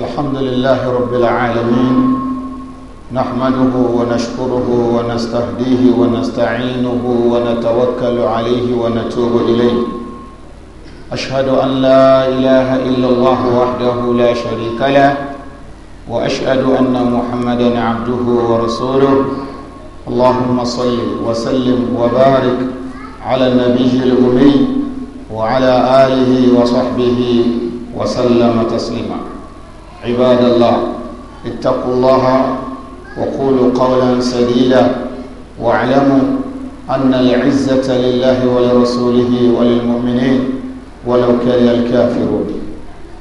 الحمد لله رب العالمين نحمده ونشكره ونستهديه ونستعينه ونتوكل عليه ونتوب إليه أشهد أن لا إله إلا الله وحده لا شريك له وأشهد أن محمدا عبده ورسوله اللهم صل وسلم وبارك على النبي الأمي وعلى آله وصحبه وسلم تسليما عباد الله اتقوا الله وقولوا قولا سديدا واعلموا أن العزة لله ولرسوله وللمؤمنين ولو كره الكافرون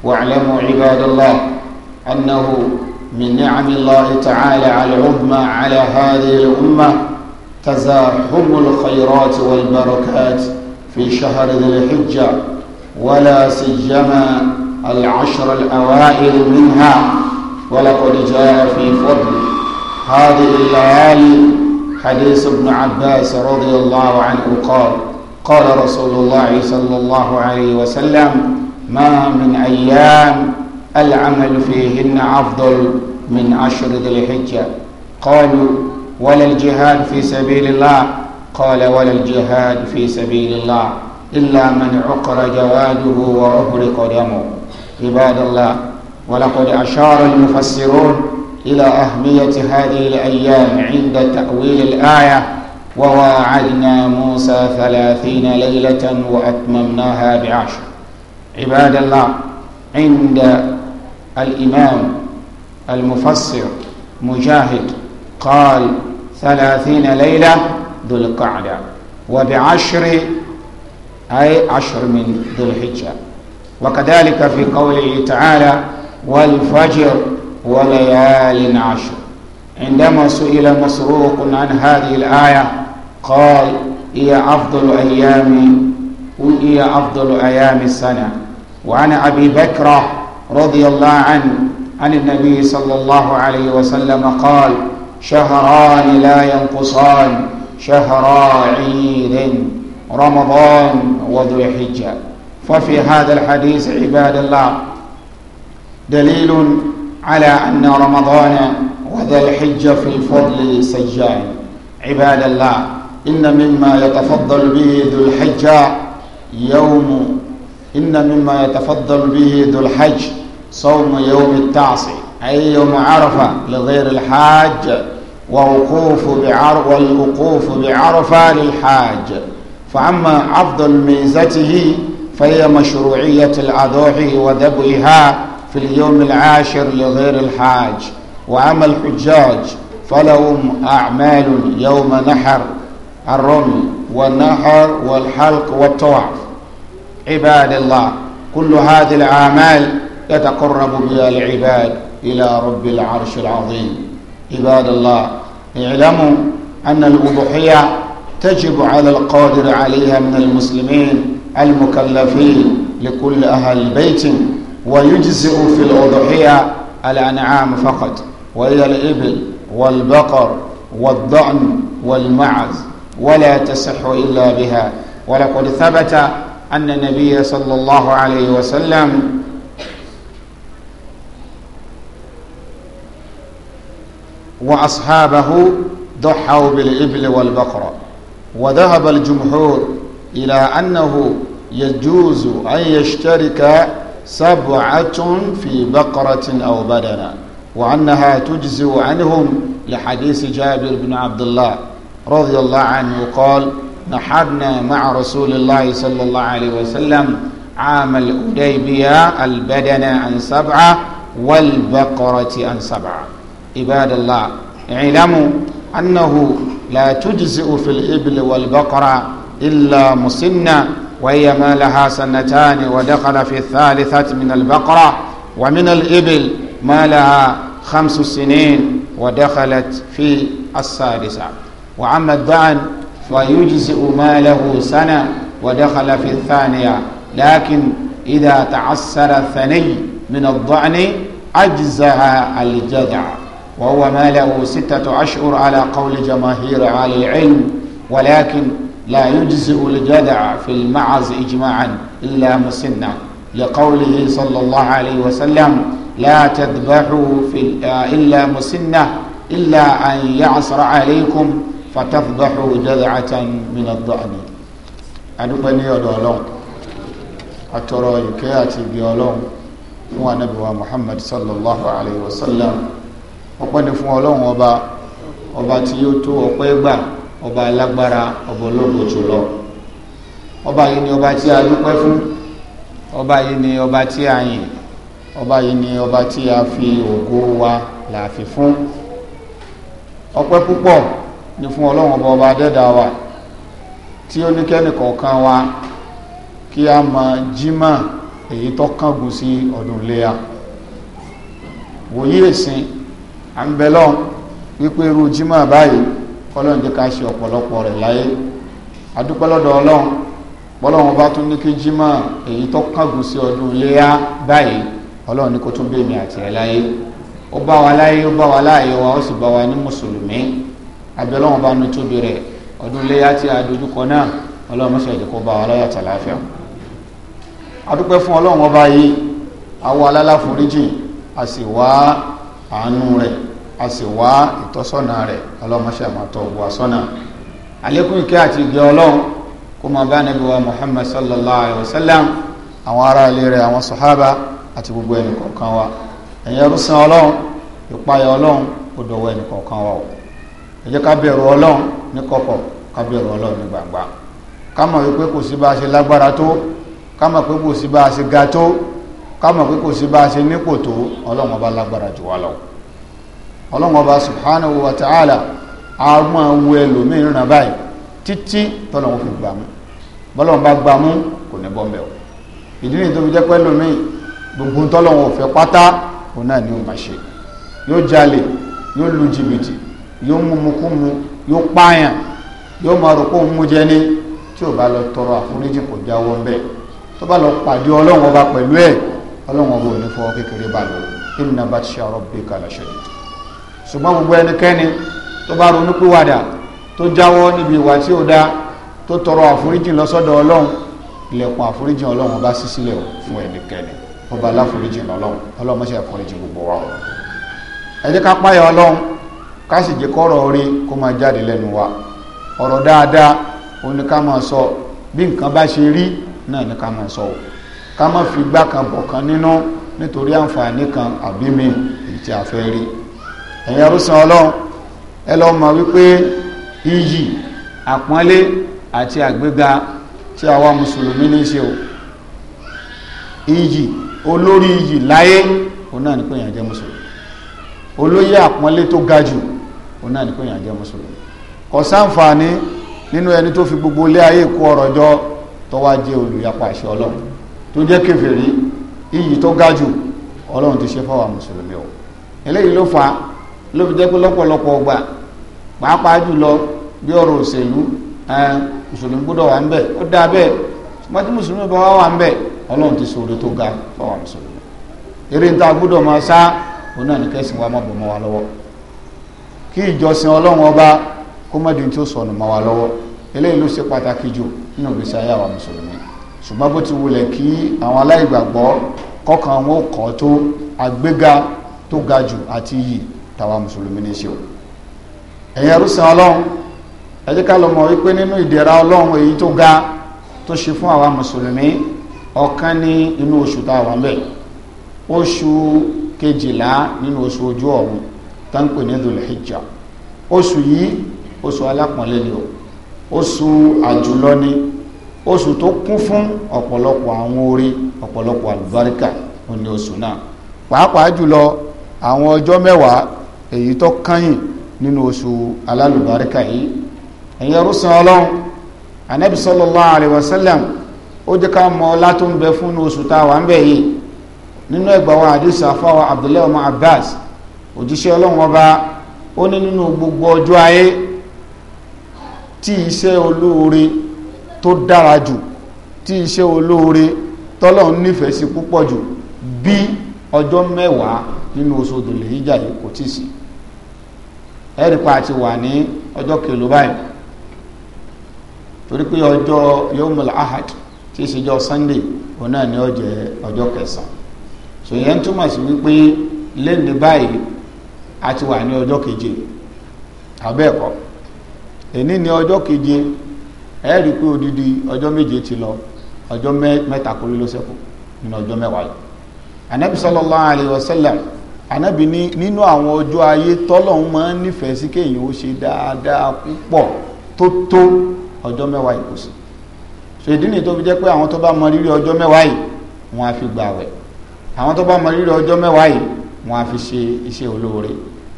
واعلموا عباد الله أنه من نعم الله تعالى على العظمى على هذه الأمة تزاحم الخيرات والبركات في شهر ذي الحجة ولا سجما العشر الأوائل منها ولقد جاء في فضل هذه الليالي حديث ابن عباس رضي الله عنه قال قال رسول الله صلى الله عليه وسلم ما من أيام العمل فيهن أفضل من عشر ذي الحجة قالوا ولا الجهاد في سبيل الله قال ولا الجهاد في سبيل الله إلا من عقر جواده وأهرق دمه عباد الله ولقد أشار المفسرون إلى أهمية هذه الأيام عند تأويل الآية وواعدنا موسى ثلاثين ليلة وأتممناها بعشر عباد الله عند الإمام المفسر مجاهد قال ثلاثين ليلة ذو القعدة وبعشر أي عشر من ذو الحجة وكذلك في قوله تعالى والفجر وليال عشر عندما سئل مسروق عن هذه الآية قال هي أفضل أيام هي أفضل أيام السنة وعن أبي بكر رضي الله عنه عن النبي صلى الله عليه وسلم قال شهران لا ينقصان شهرا عيد رمضان وذو الحجه ففي هذا الحديث عباد الله دليل على أن رمضان وذا الحج في الفضل سجان عباد الله إن مما يتفضل به ذو الحج يوم إن مما يتفضل به ذو الحج صوم يوم التعصي أي يوم عرفة لغير الحاج ووقوف بعر والوقوف بعرفة للحاج فأما أفضل ميزته فهي مشروعية الأضحى وذبحها في اليوم العاشر لغير الحاج وأما الحجاج فلهم أعمال يوم نحر الرمي والنحر والحلق والطواف عباد الله كل هذه الأعمال يتقرب بها العباد إلى رب العرش العظيم عباد الله اعلموا أن الأضحية تجب على القادر عليها من المسلمين المكلفين لكل أهل بيت ويجزئ في الأضحية الأنعام فقط وهي الإبل والبقر والضأن والمعز ولا تصح إلا بها ولقد ثبت أن النبي صلى الله عليه وسلم وأصحابه ضحوا بالإبل والبقرة وذهب الجمهور إلى أنه يجوز أن يشترك سبعة في بقرة أو بدنة وأنها تجزئ عنهم لحديث جابر بن عبد الله رضي الله عنه قال نحرنا مع رسول الله صلى الله عليه وسلم عام الأديبية البدنة عن سبعة والبقرة عن سبعة عباد الله اعلموا أنه لا تجزئ في الإبل والبقرة إلا مسنا وهي ما لها سنتان ودخل في الثالثة من البقرة ومن الإبل ما لها خمس سنين ودخلت في السادسة وعما الدعن فيجزئ ما له سنة ودخل في الثانية لكن إذا تعسر الثني من الضعن أجزع الجذع وهو ما له ستة أشهر على قول جماهير أهل العلم ولكن لا يجزئ الجدع في المعز إجماعا إلا مسنا لقوله صلى الله عليه وسلم لا تذبحوا في إلا مسنة إلا أن يعصر عليكم فتذبحوا جذعة من الضأن أدبني أدولون أترى يكياتي بيولون هو نبي محمد صلى الله عليه وسلم وقال فولون وبا وبا تيوتو وقيبا ọba alágbára ọba ológo jùlọ ọba yìí ni ọba tí a dúpẹ́ fún ọba yìí ni ọba tí a yìn ọba yìí ni ọba tí a fi ògo wa làfi fún ọpẹ́ púpọ̀ ni fún ọlọ́run ọba ọba adẹ́dàá wa tí ó ní kẹ́nìkọ̀ọ̀kan wa kí a mọ jímà èyí tó kángun sí ọdún léa wòye ìsìn à ń bẹ lọ́n wípé irú jímà báyìí kọ́lọ́n jẹ́ ká ṣe ọ̀pọ̀lọpọ̀ rẹ̀ láyé adúpẹ́lọ́dọ̀ ọlọ́run bọ́lọ́run bá tún ní kí jímọ̀ èyí tó kángun sí ọdún iléyà báyìí ọlọ́run ní kó tún bèèmí àti ẹ̀ láyé ó bá wa láyé ó bá wa láàyè wa ó sì bá wa ní mùsùlùmí abẹ́lọ́run bá nu tóbi rẹ̀ ọdún iléyà tí a dojúkọ náà ọlọ́run mọ́ṣẹ́ ìdí kó bá wa láyà tàlàáfíà adúpẹ́ fún ọlọ́run ọba yìí awọ alálàforíjì a sì àánú rẹ̀ a sì wá ìtọ́sọ́nà rẹ̀ ọlọ́mọṣẹ́ àmọ́tọ́ wà sọ́nà àlékún ìkẹ́ àti ìgbẹ́ ọlọ́run kó máa bá níbi wa muhammad sallallahu alayhi wa sallam àwọn ará ilé rẹ̀ àwọn sọ̀hábà àti gbogbo ẹnì kọ̀ọ̀kan wa ẹ̀yin ẹrúsìn ọlọ́run ìpayà ọlọ́run ó dọ̀wọ́ ẹnì kọ̀ọ̀kan wa o ẹ jẹ́ ká bẹ̀rù ọlọ́run ní kọ̀kọ̀ ká bẹ̀rù ọlọ́run ní gbangba ká mọ̀ wípé kò sí bá a ṣe lágbára tó ká mọ̀ pé kò sí bá a ṣe ga tó ká mọ̀ pé kò sí bá a ṣe nípò tó ọlọ́run ọba lágbára jù wá lọ ọlọ́run ọba subhanahu wa ta'ala a máa wo ẹlòmíín ràn báyìí títí tọ́lọ́run fi gbà mú bọ́lọ́run bá gbà mú kò ní bọ́m̀bẹ̀ o ìdí nìyí tó fi jẹ́ pé ẹlòmíín gbogbo tọ́lọ́run ò fẹ́ pátá òun náà ni ó máa ṣe yóò jalè yóò lu jìbìtì yóò mumu kú mu yóò pààyàn yóò máa rò pé mú jẹ ní tí ò bá lọ tọrọ àforíjì kò jáwọ́ ń bẹ́ẹ̀ tó bá lọ pàdé ọlọ́run ọba pẹ̀lú ẹ̀ ọlọ́run ọba ò ní kékeré bá lọ inna batsha rabbika lashadid ṣùgbọ́n gbogbo ẹnikẹ́ni tó bá ronú pìwàdà tó jáwọ́ níbi ìwà tí ó dá tó tọrọ àforíjì lọ́sọ́dọ̀ ọlọ́run ilẹ̀kùn àforíjì ọlọ́run bá ṣí sílẹ̀ fún ẹnikẹ́ni ọba aláforíjì ọlọ́run ọlọ́run mọ́ṣẹ́ àforíjì gbogbo wa ẹ jẹ́ ká páyà ọlọ́run ká sì jẹ́ kọ́rọ̀ orí kó máa jáde lẹ́nu wa ọ̀rọ̀ dáadáa ó ní ká máa sọ bí nǹkan bá ṣe rí náà ní ká máa sọ ò kan bọ̀ kan ẹ̀yin arúsàn ọlọ́run ẹ lọ mọ̀ wípé iyì àpọ́nlé àti àgbéga tí àwa mùsùlùmí ní í ṣe o iyì olórí iyì láyé òun náà ní pé èèyàn jẹ́ mùsùlùmí olóyè àpọ́nlé tó ga jù òun náà ní pé èèyàn jẹ́ mùsùlùmí kò sáǹfààní nínú ẹni tó fi gbogbo ilé ayé kó ọrọ̀ jọ tó wá jẹ́ olùyapa àṣẹ ọlọ́run tó jẹ́ kèfèrí iyì tó ga jù ọlọ́run ti ṣe fáwa mùsùlùmí o eléyìí ló fa ló fi jẹ́ pé lọ́pọ̀lọpọ̀ ọgbà pàápàá jùlọ bí ọ̀rọ̀ òṣèlú mùsùlùmí gbọ́dọ̀ wà ń bẹ̀ ó dáa bẹ́ẹ̀ ṣùgbọ́n tí mùsùlùmí bá wà ń bẹ̀ ọlọ́run ti sọ̀rọ̀ tó ga fáwọn mùsùlùmí eré ń ta gbọ́dọ̀ máa sá òun náà ní kẹ́sìn wa má bọ̀ mọ́ wa lọ́wọ́ kí ìjọsìn ọlọ́run ọba kó má di tí ó sọnù mọ́ wa lọ́wọ́ eléyìí ló ṣe pàtàkì jù nínú ìgbésí ayé àwọn mùsùlùmí ṣùgbọ́n bó ti wulẹ̀ kí àwọn aláìgbàgbọ́ kọ́kàn wọn kọ́ tó àgbéga tó ga jù àti yìí tàwa mùsùlùmí ní ṣe o ẹ̀yin ẹrúsìn ọlọ́run ẹ jẹ́ ká lọ mọ̀ wípé nínú ìdẹ̀ra ọlọ́run èyí tó ga tó ṣe fún àwa mùsùlùmí ọ̀kan ní inú oṣù táwa ń bẹ̀ oṣù kejìlá nínú oṣù ojú ọ̀run tó ní Dhul-Hijjah oṣù yìí oṣù alápọ̀nlé ni o oṣù àjùlọ ni oṣù tó kún fún ọ̀pọ̀lọpọ̀ àwọn orí ọ̀pọ̀lọpọ̀ àlùbáríkà òní oṣù náà pàápàá jùlọ àwọn ọjọ́ mẹ́wàá èyí tó kányìn nínú oṣù alálùbáríkà yìí ẹ̀yin ẹrúsìn ọlọ́run anabi sallallahu alayhi wa sallam ó jẹ́ ká mọ ọlá tó ń bẹ fún oṣù tá a wà ń bẹ̀ yìí nínú ẹgbà wa àdìsí àfọwọ́ abdullahi ọmọ abbas òjíṣẹ́ ọlọ́run ọba ó ní nínú gbogbo ọjọ́ ayé tí iṣẹ́ olóore tó dára jù tí iṣẹ́ olóore tọ́lọ́run nífẹ̀ẹ́ sí púpọ̀ jù bí ọjọ́ mẹ́wàá nínú oṣù dole hijab yìí kò tíì sí ẹ̀rí pa àti wà ní ọjọ́ kìlú báyìí torí pé ọjọ́ yomul ahad tí jọ sunday òun náà ni ó jẹ́ ọjọ́ kẹsàn-án sòyẹn túmọ̀ sí wípé lẹ́ni báyìí a ti wà ní ọjọ́ keje àbẹ́ẹ̀kọ́ èní ni ọjọ́ keje ẹ pé odidi ọjọ́ méje ti lọ ọjọ́ mẹ́ta kúrú ló ṣẹ́kù nínú ọjọ́ mẹ́wàá yìí anabi sallallahu alayhi wa ànábì ní nínú àwọn ọjọ́ ayé tọ́lọ́hún máa ń nífẹ̀ẹ́ sí kéèyàn ó ṣe dáadáa púpọ̀ tó tó ọjọ́ mẹ́wàá ìkòsí ṣèdí ni tó fi jẹ́ pé àwọn tó bá mọ rírì ọjọ́ mẹ́wàá yìí wọ́n á fi gbààwẹ̀ àwọn tó bá mọ rírì ọjọ́ mẹ́wàá yìí wọ́n á fi ṣe iṣẹ́ olóore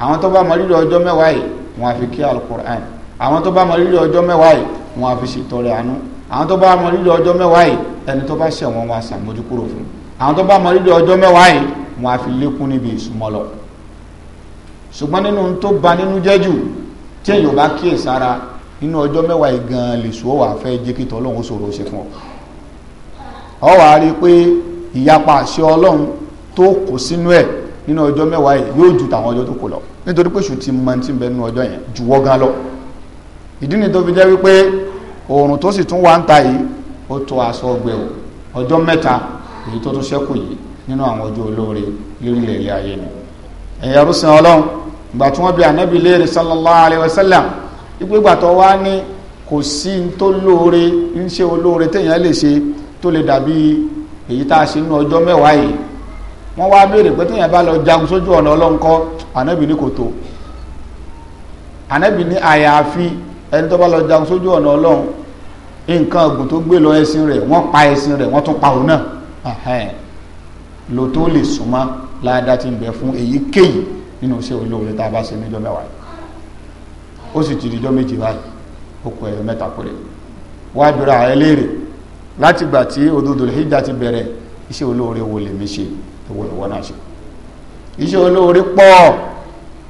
àwọn tó bá mọ rírì ọjọ́ mẹ́wàá yìí wọ́n á fi kí alukur'an àwọn tó bá mọ rírì ọjọ́ mẹ́wàá yìí wọ́n á fi ṣètọrẹ àánú àwọn tó bá mọ rírì ọjọ́ mẹ́wàá yìí ẹni tó bá ṣẹ̀ wọ́n ṣàmójúkúrò fún àwọn tó bá mọ rírì ọjọ́ mẹ́wàá yìí wọn á fi lékún níbi ìsúnmọ́ lọ ṣùgbọ́n nínú tó ba nínú jẹ́jù tí èyàn bá kíyè sára nínú ọjọ́ mẹ́wàá ìgan lè sọ wà fẹ́ jẹ́ kí tọ́lọ́hún sọ̀rọ̀ ṣe fún ọ ọ wàá rí i pé ìyapa àṣẹ ọlọ́run tó kó sínú ẹ̀ nínú ọjọ́ mẹ́wàá yóò ju tàwọn ọjọ́ tó kù lọ nítorí pé ṣùtì máa bẹ nínú ọjọ́ yẹn ju wọ́gán lọ ìdí ni tó fi jẹ́ wípé oòrùn tó sì tún wá ń ta yìí ó tó aṣọ ọgbẹ́ o ọjọ́ èyí tó tún ṣẹ́kù yìí nínú àwọn ọjọ́ olóore lórílẹ̀ ilé ayé ni ẹ̀yà rúṣin ọlọ́run ìgbà tí wọ́n bi ànábì léèrè sallallahu alayhi wa sallam ìgbégbà tó wá ní kò sí n tó lóore ń ṣe olóore téèyàn lè ṣe tó lè dàbí èyí tá a ṣe nínú ọjọ́ mẹ́wàá yìí wọ́n wá béèrè pé téèyàn bá lọ jagun sójú ọ̀nà ọlọ́run kọ́ ànábì ní kò tó ànábì ní àyàfi ẹni tó bá lọ jagun sójú ọ̀nà ọlọ́run nǹkan ọ̀gùn tó gbé lọ ẹṣin rẹ̀ wọ́n pa ẹṣin rẹ̀ wọ́n tún pa òun náà lo tó lè súnmọ́ láàdá tí ń bẹ fún èyíkéyìí nínú iṣẹ́ olóore tá a bá ṣe níjọ́ mẹ́wàá ó sì ti dijọ́ méjì báyìí ó kọ ẹ̀yọ mẹ́ta péré wá bẹ̀rẹ̀ ààrẹ léèrè láti gbà tí Dhul Hijjah ti bẹ̀rẹ̀ iṣẹ́ olóore wo lèmi ṣe ìwọ ìwọ náà ṣe iṣẹ́ olóore pọ̀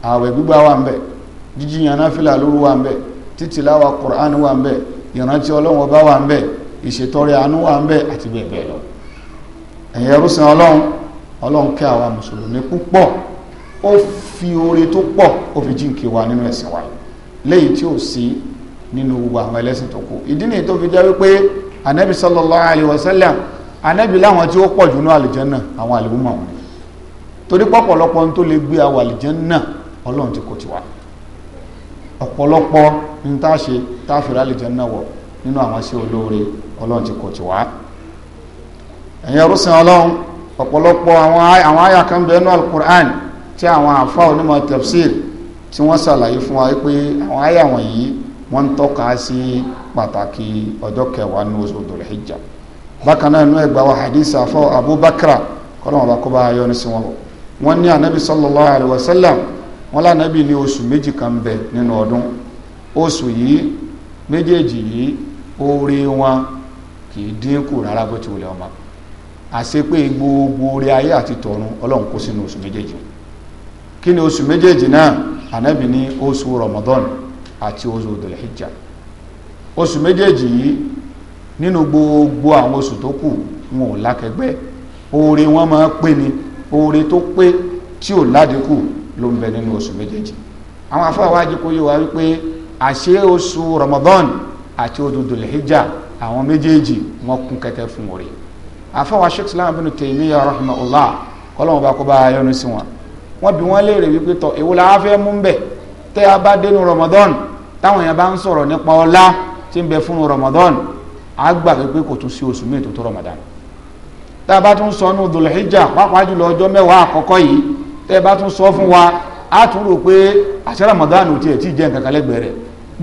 ààwẹ̀ gbígbà wà ń bẹ jíjìyàn náà fìlà lóru wà ń bẹ títìláwà Qur'an wà ń bẹ ìrántí Ọlọ́run ọba wà ń bẹ ìṣètọrẹ àánú wà ń bẹ àti bẹ́ẹ̀ bẹ́ẹ̀ lọ ẹ̀yin ẹrúsìn ọlọ́run ọlọ́run kẹ́ àwa mùsùlùmí púpọ̀ ó fi oore tó pọ̀ ó fi jíǹkì wa nínú ẹ̀sìn wa léyìí tí ò sí nínú gbogbo àwọn ẹlẹ́sìn tó kù ìdí nìyí tó fi jẹ́ wípé anabi sallallahu alayhi wa sallam anabi láwọn tí ó pọ̀ jù ní àlìjẹ́nà àwọn àlìmúmọ̀ wọn torí pọ̀pọ̀lọpọ̀ tó lè gbé àwọn àlìjẹ́nà ọlọ́run ti kò ti wá ọ̀pọ̀lọpọ̀ ní tá a ṣe tá a fi rà àlìjẹ́nà wọ̀ nínú àwọn sí olóore ọlọ́run ti kò ti wá ẹ̀yin ọ̀rọ̀sìn ọlọ́run ọ̀pọ̀lọpọ̀ àwọn àyà kan bẹ nínú alukur'an tí àwọn àfa onímọ̀ tafsir tí wọ́n ṣàlàyé fún wa pé àwọn àyà wọ̀nyí wọ́n ń tọ́ka sí pàtàkì ọjọ́ kẹwàá ní oṣù Dhul Hijjah bákan náà inú ẹgbàá wa hadith afọ Abubakar kọ́lọ́mọ̀ bá kó bá yọ ní sí wọn wọn ní anabi sallallahu alayhi wa sallam wọn lànàbí ní oṣù méjì kan bẹ nínú ọdún oṣù yìí méjèèjì yìí oore wọn kì í dínkù rárá bó ti wulẹ̀ ọmọ àṣepé gbogbo orí ayé àti tọ̀run ọlọ́run kó sínú oṣù méjèèjì kí ni oṣù méjèèjì náà ànábì ní oṣù Ramadan àti oṣù dòlẹ́hìjà oṣù méjèèjì yìí nínú gbogbo àwọn oṣù tó kù wọn ò lákẹgbẹ́ oore wọn máa pé ni oore tó pé tí ò ládínkù ló ń bẹ nínú oṣù méjèèjì àwọn afọwájú kó yé wa wípé àṣé oṣù Ramadan àti oṣù dòlẹ́hìjà àwọn méjèèjì wọn kún kẹ́kẹ́ fún oore àfọwọ́ sheikh islam bin Taymiyyah rahimahullah kọ́lọ́wọ́n bá kó bá yọnu sí wọn wọ́n bí wọ́n léèrè wípé tọ̀ èwo la fẹ́ mú bẹ̀ tẹ́ a bá dénú ramadan táwọn èèyàn bá ń sọ̀rọ̀ nípa ọlá tí ń bẹ fún ramadan a gbà wípé kò tún sí oṣù míì tó tó ramadan tá a bá tún sọ nù dùlùhíjà pàápàá jùlọ ọjọ́ mẹ́wàá àkọ́kọ́ yìí tẹ́ ẹ bá tún sọ fún wa a tún rò pé àṣẹ ramadan ò tiẹ̀ tí ì jẹ́ nǹkan kan lẹ́gbẹ̀ẹ́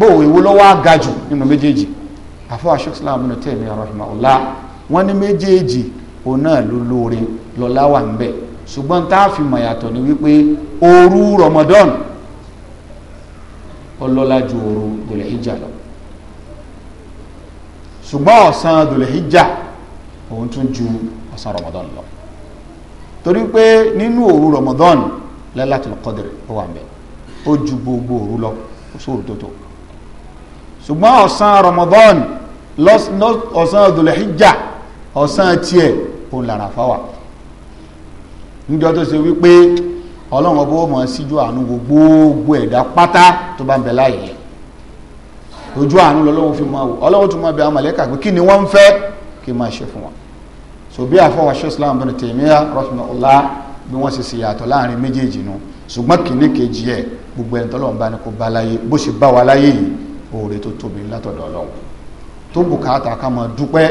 bó èwo lọ́wọ́ ga jù nínú méjèèjì àfọwọ́ sheikh wọ́n ní méjèèjì òun náà ló lóore lọ́lá wà ń bẹ̀ ṣùgbọ́n tá a fi mọ̀ yàtọ̀ ni wípé òru Ramadan ọlọ́lá ju òru dòlẹ́hìjà lọ ṣùgbọ́n ọ̀sán dòlẹ́hìjà òun tún ju ọ̀sán Ramadan lọ torí pé nínú òru Ramadan Lailatul Qadr ó wà ń ó ju gbogbo òru lọ kò sóòrù tó tó ṣùgbọ́n ọ̀sán Ramadan ọ̀sán dòlẹ́hìjà ọ̀sán tiẹ̀ òun làrà fáwà níjọ́ tó ṣe wípé ọlọ́run ọba ó mọ̀ síjú àánú gbogbo ẹ̀dá pátá tó bá ń bẹ láàyè yẹn ojú àánú lọ́lọ́run fi máa wò ọlọ́run tún máa bẹ àwọn mọ̀lẹ́kà pé kí ni wọ́n ń fẹ́ kí n máa ṣe fún wọn so bí àfọwọ́ aṣọ islam bin Taymiyyah rahimahullah bí wọ́n ṣe ṣe yàtọ̀ láàrin méjèèjì nu ṣùgbọ́n kìíní kejì ẹ̀ gbogbo ẹni tọ́lọ́run bá ní kó bá láyé bó ṣe bá wa láyé yìí oore tó tóbi látọ̀dọ̀ ọlọ́run tó bùkátà ká máa dúpẹ́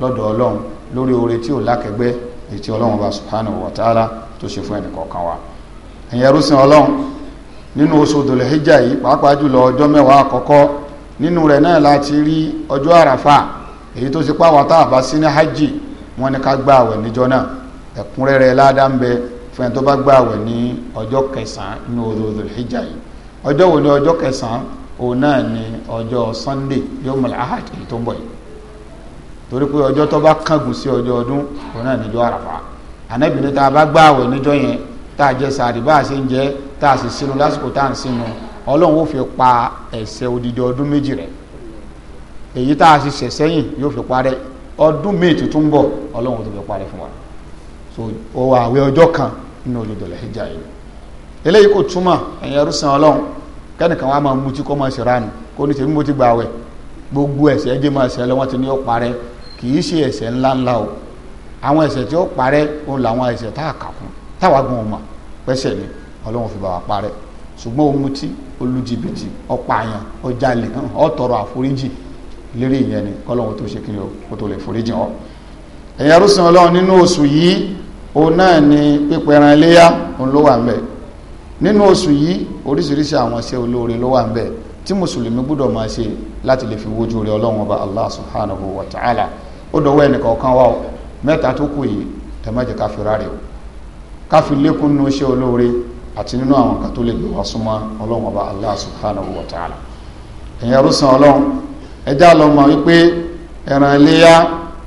lọ́dọ̀ ọlọ́run lórí oore tí ò lákẹgbẹ́ èyí tí ọlọ́run bá subhanahu wa ta'ala tó ṣe fún ẹnì kọ̀ọ̀kan wa ẹ̀yẹrú sin ọlọ́run nínú oṣù dòlẹ́híjà yìí pàápàá jùlọ ọjọ́ mẹ́wàá àkọ́kọ́ nínú rẹ̀ náà láti rí ọjọ́ àràfà èyí tó ṣe páwọn tá a bá sí ní hajj wọn ni ká gba àwẹ̀ níjọ náà ẹ̀kúnrẹ́rẹ́ ládàá ń fún ẹni tó bá gba àwẹ̀ ní ọjọ́ kẹsàn-án nínú oṣù dòlẹ́híjà yìí ọjọ́ wo ni ọjọ́ kẹsàn-án òun náà ni ọjọ́ sunday yóò mọ̀lá ahad èyí tó ń bọ̀ yìí torí pé ọjọ́ tó bá kángun sí ọjọ́ ọdún òun náà níjọ́ àràfà ànábì ní tá a bá gbá àwẹ̀ níjọ́ yẹn tá a jẹ sàárì bá a ṣe ń jẹ tá a sì sínú lásìkò tá a ń sínú ọlọ́run ó fi pa ẹ̀ṣẹ̀ odidi ọdún méjì rẹ̀ èyí tá a sì ṣẹ̀ sẹ́yìn yóò fi parẹ́ ọdún míì tuntun bọ̀ ọlọ́run tó fi parẹ́ fún wa so ó wà àwẹ̀ ọjọ́ kan nínú olùdọ̀lẹ̀ ẹja yìí eléyìí kò túmọ̀ ẹ̀yin ẹrú san ọlọ́run kẹ́nìkan wa máa mutí kó máa ṣèrànù kó ní tèmi mo ti gbà wẹ̀ gbogbo ẹ̀ṣẹ̀ ẹ̀jẹ̀ máa ṣẹlẹ̀ wọ́n ti ní ó kì í ṣe ẹ̀ṣẹ̀ ńláńlá o àwọn ẹ̀ṣẹ̀ tí ó parẹ́ ó làwọn ẹ̀ṣẹ̀ tá a kà kún táwa gan ọmọ pẹ́sẹ̀ ni ọlọ́run fi bá wa parẹ́ ṣùgbọ́n ó mutí ó lu jìbìtì ó pààyàn ó jalè ó tọrọ àforíjì lérí ìyẹn ni kọ́lọ́run tó ṣe kíni o kó tó lè foríjì ọ́ ẹ̀yin arúsìn ọlọ́run nínú oṣù yìí òun náà ni pípẹ́ ẹran iléyà òun ló wà ń bẹ̀ nínú oṣù yìí oríṣiríṣi àwọn iṣẹ́ olóore ló wà ń bẹ̀ tí mùsùlùmí gbọ́dọ̀ máa ṣe láti lè fi wojú rẹ̀ ọlọ́run ọba allah subhanahu wa ta'ala ó dọwọ́ ẹnìkọ̀ọ̀kan wa o mẹ́ta tó kù yìí ẹ má jẹ́ ká fi rárẹ̀ o ká fi lékún nínú iṣẹ́ olóore àti nínú àwọn kan tó lè gbé wá súnmọ́ ọlọ́run ọba allah subhanahu wa ta'ala ẹ̀yin arúsàn ọlọ́run ẹjá lọ mọ̀ wípé ẹran iléyá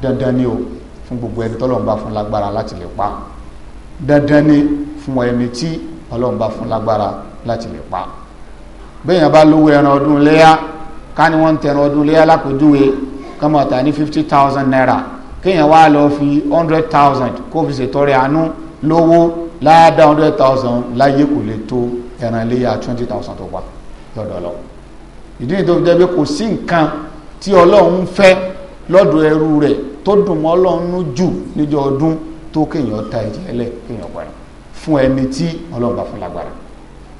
dandan ni o fún gbogbo ẹni tọ́lọ́run bá fún lágbára láti lè pa dandan ni fún ẹni tí ọlọ́run bá fún lágbára láti lè pa bẹ́ẹ̀ yẹn bá lówó ẹran ọdún iléyá ká ní wọ́n ń tẹran ọdún iléyá lápèjúwe Kama máa tà fifty thousand naira kéèyàn wá lọ fi hundred thousand kó fi ṣètọrẹ àánú lówó láàdá hundred thousand láyé kò lè tó ẹran léyà twenty thousand tó wà lọ́dọ̀ lọ ìdí nìyí tó fi jẹ́ pé kò sí nǹkan tí ọlọ́run fẹ́ lọ́dọ̀ ẹrú rẹ̀ tó dùn mọ́ ọlọ́run jù níjọ ọdún tó kéèyàn ta ẹ̀jẹ̀ ẹlẹ̀ kéèyàn gbàrà fún ẹni tí ọlọ́run bá fún lágbára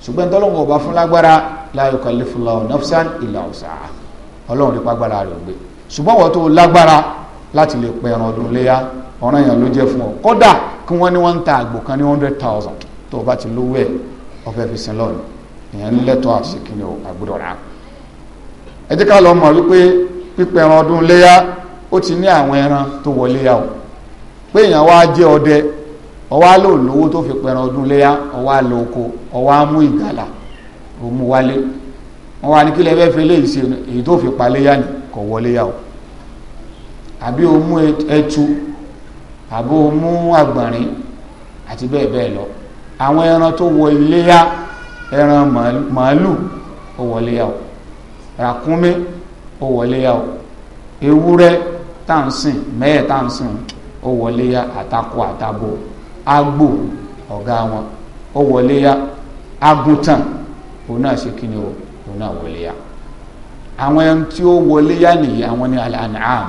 ṣùgbọ́n tọ́lọ́run kò bá fún lágbára la yukallifu Allahu nafsan illa wus'aha ọlọ́run nípa agbára rẹ̀ gbé ṣùgbọ́n wọ́n tó lágbára láti lè pẹ̀ràn ọdún léyà ọ̀ràn èèyàn ló jẹ́ fún ọ kódà kí wọ́n ní wọ́n ń ta àgbò kan ní hundred thousand tó o bá ti lówó ẹ̀ ọ̀fẹ́ fi sin lọ́ọ̀nù èèyàn lẹ́tọ̀ọ́ àti kìnìún ò àgbọ̀dọ̀ rà á. ẹ jẹ́ ká lọ mọ̀ wípé pípẹ̀ràn ọdún léyà ó ti ní àwọn ẹran tó wọlé yà ó pé èèyàn wá jẹ́ ọdẹ ọwá lò lówó tó fi pẹ̀ràn ọdún léyà ọwá lọ oko ọwá mú ìgalà òmùwálé wọn wá ní kílẹ̀ fẹ́ fẹ́ léyìí kò wọlé yà o àbí o mú ẹtu àbí o mú àgbọ̀nrín àti bẹ́ẹ̀ bẹ́ẹ̀ lọ àwọn ẹran tó wọ iléyà ẹran màálù ó wọlé yà o ràkúnmí ó wọlé yà o ewúrẹ́ tá à mẹ́ẹ̀ tá ó wọlé yà àtakọ àtabo ọ̀gá wọn ó wọlé yà agutan òun náà ṣe kí ni o òun náà wọlé yà. àwọn ẹni tí ó wọlé yá nìyí àwọn ni al-an'am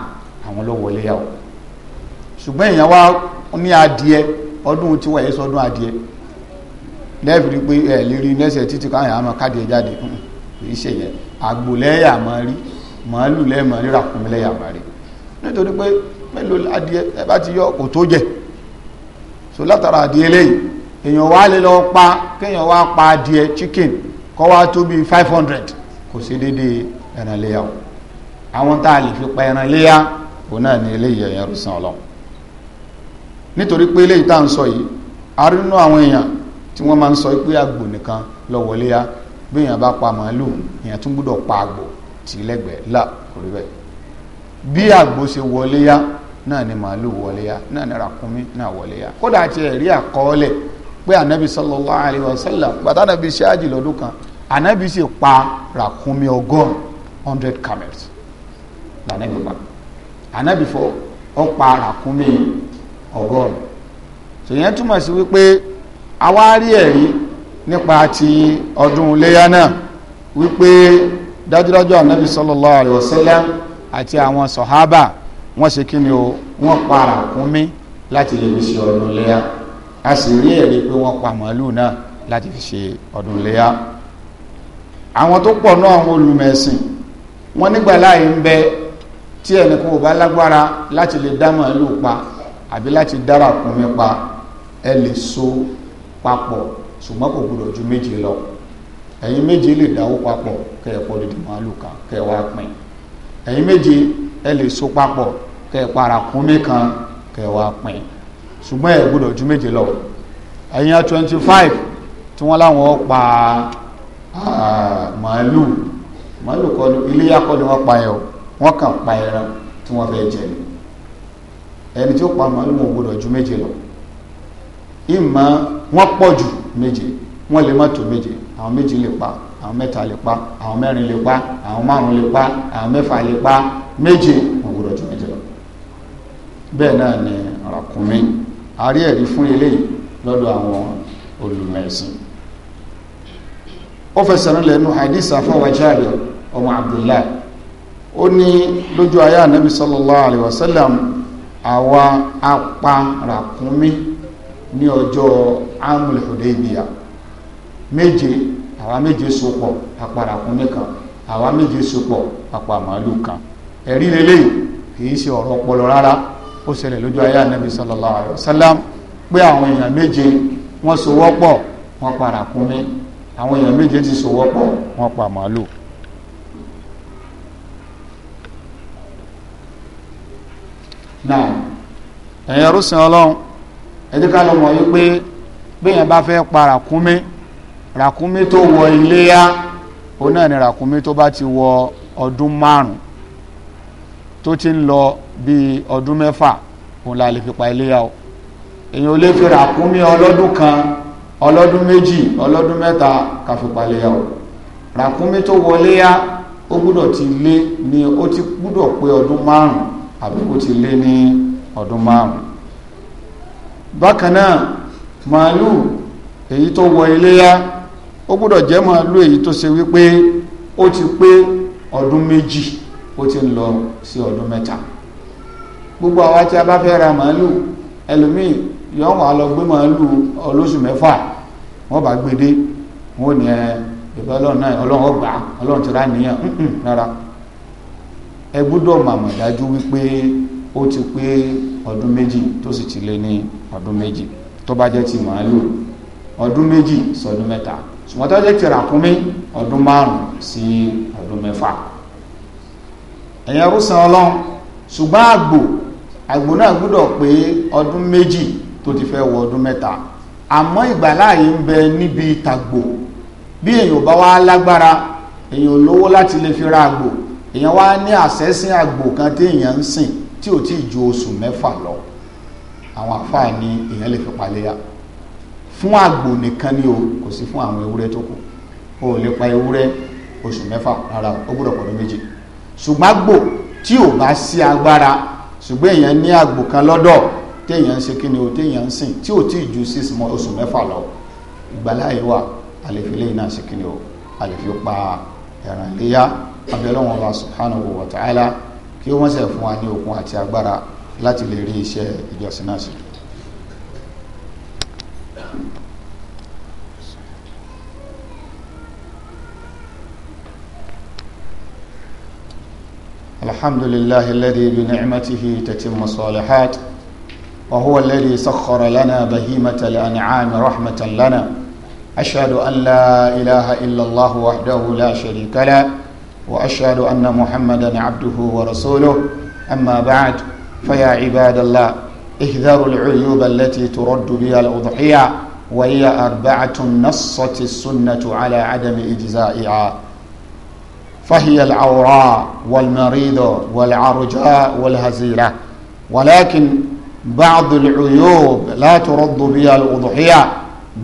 àwọn ló wọlé yá o ṣùgbọ́n èèyàn wá ní adìẹ ọdún tí wọ́n yẹ sọdún adìẹ lẹ́ẹ̀fì pé ẹ̀ lérí lẹ́sẹ̀ títí káyọ̀ àmọ́ káàdì ẹ̀ jáde kìí ṣe yẹn àgbò lẹ́yà máa rí màálù lẹ́yà máa rí ràkúnmí lẹ́yà máa rí nítorí pé mélòó adìẹ ẹ bá ti yọ kò tó jẹ so látara adìẹ lẹ́yìn èèyàn wá lè lọ pa kéèyàn wá pa adìẹ chicken kọ́ wá tó bíi five hundred kò sí déédéé ẹran léyà o àwọn tá a lè fi pa ẹran léyà òun náà ní eléyìí ẹ̀yàn rúsan ọlọ́run nítorí pé eléyìí tá à ń sọ yìí arínú àwọn èèyàn tí wọ́n máa ń sọ pé àgbò nìkan lọ́wọ́ léyà bí èèyàn bá pa màálù èèyàn tún gbúdọ̀ pa àgbò tì í lẹ́gbẹ̀ẹ́ là kò bẹ́ẹ̀ bí àgbò ṣe wọlé yá náà ni màálù wọlé yá náà ni ràkúnmí náà wọlé yá kódà àti ẹ̀rí àkọọ́lẹ̀ pé ànábi sallallahu alaihi wasallam gbàtà ànábi ṣáájì lọ́dún kan ànábi sì pa ràkúnmí ọgọ́rùn-ún hundred camels lànàbí pa ànàbí fọ ọ pa ràkúnmí ọgọ́rùn sèyàn túmọ̀ sí wípé awárí ẹ̀rí nípa ti ọdún iléyà náà wípé dájúdájú ànábì sallallahu alaihi wasallam àti àwọn sọ̀hábà wọ́n ṣe kí ni o wọ́n pa ràkúnmí láti lè fi ṣe ọdún iléyà a sì rí ẹ̀rí pé wọ́n pa màálù náà láti fi ṣe ọdún iléyà àwọn tó pọ̀ náà àwọn olùmẹ̀sìn wọ́n nígbà láàyè ń bẹ tí ẹnìkan ò bá lágbára láti lè dá màálù pa àbí láti dára kùnmi pa ẹ lè so papọ̀ ṣùgbọ́n kò gbọdọ̀ ju méje lọ ẹ̀yin méje lè dáwó papọ̀ kẹ́ ẹ pọ̀ dídì màálù kan kẹ́ ẹ wá pín ẹ̀yin méje ẹ lè so papọ̀ kẹ́ ẹ para kùnmi kan kẹ́ ẹ wá pín ṣùgbọ́n ẹ gbọdọ̀ ju méje lọ ẹ̀yin twenty five tí wọ́n láwọn pa ah, màálù màálù kọlu iléyà kọlu wọn pa ẹ o wọn kàn pa ẹran tí wọn fẹ́ jẹ ni ẹni tí ó pa màálù wọn gbọ́dọ̀ ju méje lọ ìmọ̀ wọn pọ̀ ju méje wọn lè má tó méje àwọn méje lè pa àwọn mẹ́ta lè pa àwọn mẹ́rin lè pa àwọn márùn lè pa àwọn mẹ́fà lè pa méje wọn gbọ́dọ̀ ju méje lọ bẹ́ẹ̀ náà ni ràkúnmí àrí ẹ̀rí fún eléyìí lọ́dọ̀ àwọn olùmẹ̀sìn ó fẹsẹ̀ rìn lẹ́nu hadith àfọwájáde ọmọ abdullahi ó ní lójú ayé anabi sallallahu alayhi wa sallam àwa apá ràkúnmí ní ọjọ́ amul hudaybiya méje àwa méje sopọ̀ apá ràkúnmí kan àwa méje sopọ̀ apá màálù kan ẹ̀rí lélẹ́yìn kìí ṣe ọ̀rọ̀ ọpọlọ rárá ó ṣẹlẹ̀ lójú ayé anabi sallallahu alayhi wa sallam pé àwọn èèyàn méje wọ́n sowọ́pọ̀ wọ́n pa àwọn èèyàn méje ti sowọ́pọ̀ wọ́n pa màálù náà ẹ̀yin ọ̀rùsìn ọlọ́run ẹ̀jẹ̀ ká lọ mọ̀ yí pé bẹ́ẹ̀yẹn bá fẹ́ pa ràkúnmí ràkúnmí tó wọ iléyá òun náà ni ràkúnmí tó bá ti wọ ọdún márùn tó ti ń lọ bíi ọdún mẹ́fà òun la lè fi pa iléyá o èyàn ò lè fi ràkúnmí ọlọ́dún kan ọlọ́dún méjì ọlọ́dún mẹ́ta ká fi pa iléyá o ràkúnmí tó wọléyá ó gbúdọ̀ ti lé ni ó ti gbúdọ̀ pé ọdún márùn-ún àbí kó ti lé ní ọdún márùn bákan náà màálù èyí tó wọ iléyá ó gbọ́dọ̀ jẹ́ màálù èyí tó ṣe wípé ó ti pé ọdún méjì ó ti ń lọ sí ọdún mẹ́ta gbogbo àwa tí a bá fẹ́ ra màálù ẹlòmíì yọ̀ọ́ wà lọ gbé màálù olóṣù mẹ́fà wọ́n bá gbé dé wọ́n ní ẹ ìbá náà ọlọ́run ọgbà ọlọ́run ti rá nìyẹn rárá ẹ gbọ́dọ̀ màmọ̀ dájú wípé ó ti pé ọdún méjì tó sì ti lé ní ọdún méjì tó bá jẹ́ ti màálù ọdún méjì sọdún mẹ́ta ṣùgbọ́n tó jẹ́ ti ràkúnmí ọdún márùn-ún sí ọdún mẹ́fà ẹ̀yẹn rúsan ọlọ́run ṣùgbọ́n àgbò àgbò náà gbọ́dọ̀ pé ọdún méjì tó ti fẹ́ wọ ọdún mẹ́ta àmọ́ ìgbàláàyè ń bẹ níbi tàgbò bí èèyàn bá wá lágbára èèyàn lówó láti lè fi ra àgbò èèyàn wá ní àṣẹ́sìn àgbò kan tí èèyàn ń sìn tí ò tí ì ju oṣù mẹ́fà lọ àwọn àfáà ni èèyàn lè fi paléyà fún àgbò nìkan ni o kò sí fún àwọn ewúrẹ́ tó kù o ò lè pa ewúrẹ́ oṣù mẹ́fà rárá o gbọ́dọ̀ pọ̀ ní méjì ṣùgbọ́n àgbò tí ò bá sí agbára ṣùgbọ́n èèyàn ní àgbò kan lọ́dọ̀ téèyàn ń ṣe kí ni o téèyàn ń sìn tí ò tí ì ju six months oṣù mẹ́fà lọ ìgbàláyé wà àlèfilé yìí náà ṣe kí ni o àlèfi pa ẹ̀ràn iléyà abẹ́lẹ́ wọn bá subhanahu wa ta'ala kí ó mọ̀sẹ̀ fún wa ní okun àti agbára láti lè rí iṣẹ́ ìjọsìn náà sí. الحمد لله الذي بنعمته تتم الصالحات وهو الذي سخر لنا بهيمة الأنعام رحمة لنا أشهد أن لا إله إلا الله وحده لا شريك له واشهد ان محمدا عبده ورسوله اما بعد فيا عباد الله احذروا العيوب التي ترد بها الاضحيه وهي اربعه نصت السنه على عدم اجزائها فهي العوراء والمريض والعرجاء والهزيله ولكن بعض العيوب لا ترد بها الاضحيه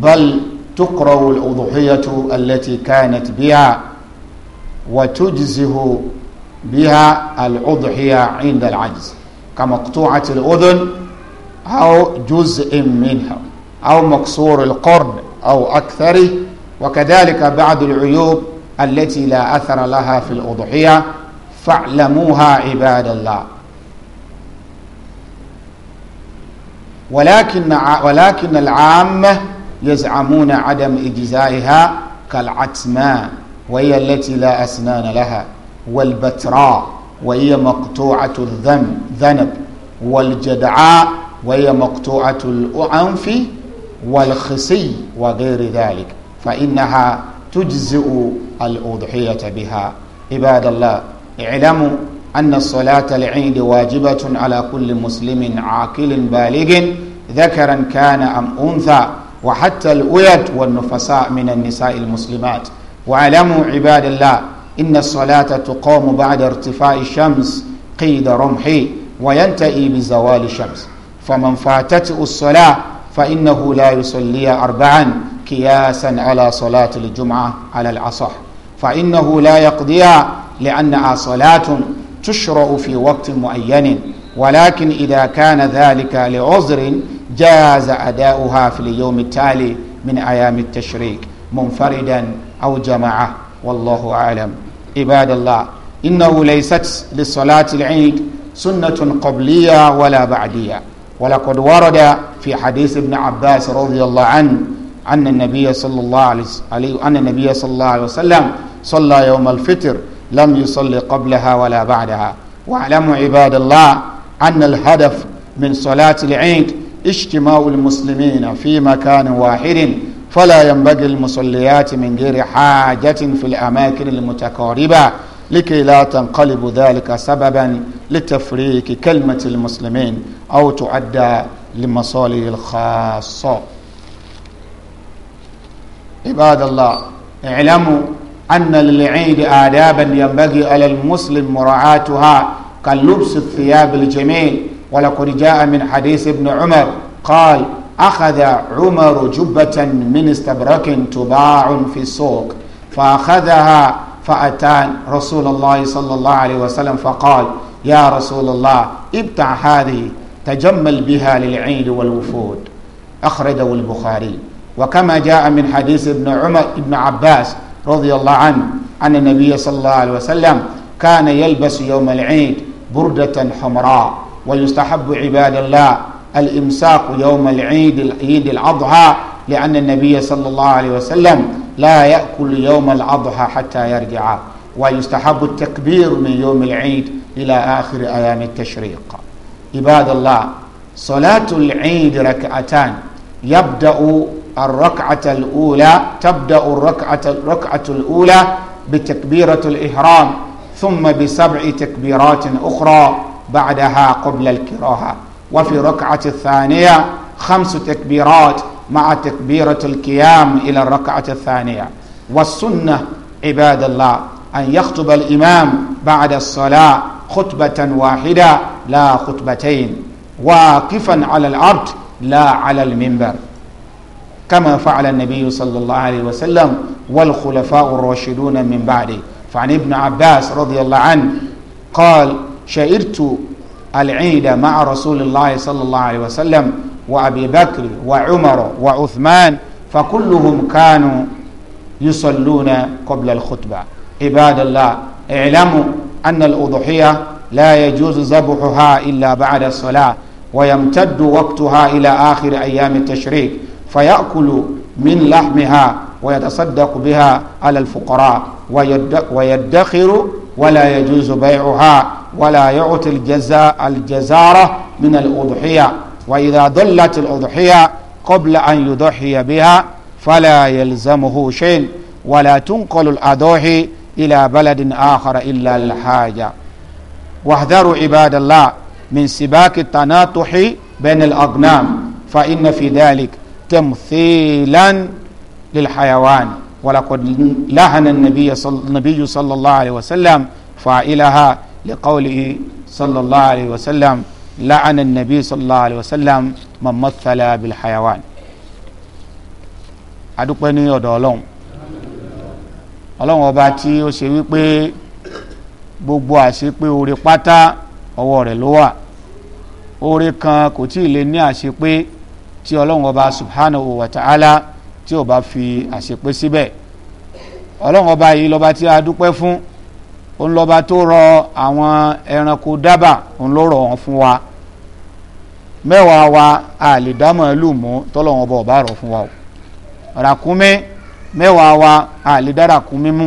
بل تقرا الاضحيه التي كانت بها وتجزه بها الأضحية عند العجز كمقطوعة الأذن أو جزء منها أو مكسور القرن أو أكثره وكذلك بعض العيوب التي لا أثر لها في الأضحية فاعلموها عباد الله ولكن ولكن العامة يزعمون عدم إجزائها كالعتمان وهي التي لا أسنان لها والبتراء وهي مقطوعة الذنب ذنب والجدعاء وهي مقطوعة الأعنف والخصي وغير ذلك فإنها تجزئ الأضحية بها عباد الله اعلموا أن صلاة العيد واجبة على كل مسلم عاقل بالغ ذكرا كان أم أنثى وحتى الأيد والنفساء من النساء المسلمات واعلموا عباد الله إن الصلاة تقام بعد ارتفاع الشمس قيد رمحي وينتهي بزوال الشمس فمن فاتته الصلاة فإنه لا يصلي أربعا قياسا على صلاة الجمعة على الأصح فإنه لا يقضيها لأنها صلاة تشرع في وقت معين ولكن إذا كان ذلك لعذر جاز أداؤها في اليوم التالي من أيام التشريك منفردا أو جماعة والله أعلم عباد الله إنه ليست لصلاة العيد سنة قبلية ولا بعدية ولقد ورد في حديث ابن عباس رضي الله عنه أن النبي صلى الله عليه أن النبي صلى الله عليه وسلم صلى يوم الفطر لم يصلي قبلها ولا بعدها واعلموا عباد الله أن الهدف من صلاة العيد اجتماع المسلمين في مكان واحد فلا ينبغي المصليات من غير حاجة في الأماكن المتقاربة لكي لا تنقلب ذلك سببا لتفريق كلمة المسلمين أو تعدى لمصالح الخاصة عباد الله اعلموا أن للعيد آدابا ينبغي على المسلم مراعاتها كلبس الثياب الجميل ولقد جاء من حديث ابن عمر قال أخذ عمر جبة من استبرق تباع في السوق فأخذها فأتى رسول الله صلى الله عليه وسلم فقال يا رسول الله ابتع هذه تجمل بها للعيد والوفود أخرجه البخاري وكما جاء من حديث ابن عمر ابن عباس رضي الله عنه أن النبي صلى الله عليه وسلم كان يلبس يوم العيد بردة حمراء ويستحب عباد الله الإمساك يوم العيد عيد الأضحى لأن النبي صلى الله عليه وسلم لا يأكل يوم الأضحى حتى يرجع ويستحب التكبير من يوم العيد إلى آخر أيام التشريق عباد الله صلاة العيد ركعتان يبدأ الركعة الأولى تبدأ الركعة الركعة الأولى بتكبيرة الإحرام ثم بسبع تكبيرات أخرى بعدها قبل الكراهة وفي ركعة الثانية خمس تكبيرات مع تكبيرة القيام إلى الركعة الثانية والسنة عباد الله أن يخطب الإمام بعد الصلاة خطبة واحدة لا خطبتين واقفا على الأرض لا على المنبر كما فعل النبي صلى الله عليه وسلم والخلفاء الراشدون من بعده فعن ابن عباس رضي الله عنه قال شعرت العيد مع رسول الله صلى الله عليه وسلم وأبي بكر وعمر وعثمان فكلهم كانوا يصلون قبل الخطبة عباد الله اعلموا أن الأضحية لا يجوز ذبحها إلا بعد الصلاة ويمتد وقتها إلى آخر أيام التشريك فيأكل من لحمها ويتصدق بها على الفقراء ويدخر ولا يجوز بيعها ولا يعطي الجزاء الجزارة من الأضحية وإذا ضلت الأضحية قبل أن يضحي بها فلا يلزمه شيء ولا تنقل الأضحي إلى بلد آخر إلا الحاجة واحذروا عباد الله من سباك التناطح بين الأغنام فإن في ذلك تمثيلا للحيوان ولقد لعن النبي صلى, النبي صلى الله عليه وسلم فاعلها لقوله صلى الله عليه وسلم لعن النبي صلى الله عليه وسلم من مثل بالحيوان adúpẹ́ ní ọ̀dọ̀ ọlọ́run ọlọ́run ọba tí ó ṣe wípé gbogbo àṣepé oore pátá ọwọ́ rẹ̀ ló wà oore kan kò tí ì lè ní àṣepé tí ọlọ́run ọba subhanahu wa ta'ala tí ó bá fi àṣepé síbẹ̀ ọlọ́run ọba yìí lọ́ba tí a dúpẹ́ òun lọ́ba tó rọ àwọn ẹranko dábà òun ló rọ̀ wọ́n fún wa mẹ́wàá wa a lè dá màálù mú tọ́lọ́wọ́n ọba ọba rọ̀ fún wa o ràkúnmí mẹ́wàá wa a lè dá ràkúnmí mú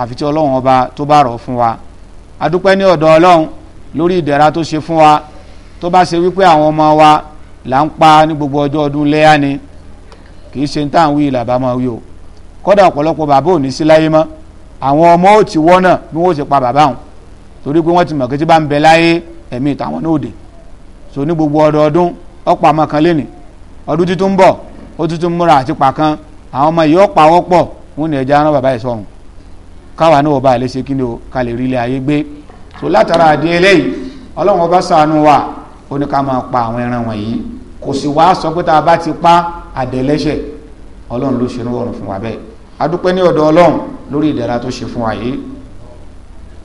àfi tí ọlọ́wọ́n ọba tó bá rọ̀ fún wa adúpẹ́ ní ọ̀dọ̀ ọlọ́run lórí ìdẹ̀ra tó ṣe fún wa tó bá ṣe wípé àwọn ọmọ wa là ń pa ní gbogbo ọjọ́ ọdún léyà ni kì í ṣe ní táwọn wí làbá wí o kódà ọ̀pọ̀lọpọ̀ bàbá ò ní sí láyé mọ́ àwọn ọmọ ò ti wọ́nà bí wọ́n ti pa bàbá wọn torí pé wọ́n ti mọ̀ kí tí bá ń bẹ láyé ẹ̀mí ìtàwọn náà dé so ní gbogbo ọdọọdún ọ̀pọ̀ àmọ́ kan lénìí ọdún títún bọ̀ ó títún múra àti pàkan àwọn ọmọ yìí ọ̀pọ̀ àwọn pọ̀ wọn ní ẹja rán bàbá yìí sọ̀hún káwa náà ọba àlẹ́ ṣe kí ni o ká lè rí ilé ayé gbé so látara àdé eléyìí ọlọ́run ọba ṣàánú wa ó ní ká máa pa àwọn ẹran wọ̀nyí kò sì wá sọ pé tá adúpẹ́ ní ọ̀dọ̀ ọlọ́run lórí ìdẹ̀ra tó ṣe fún wa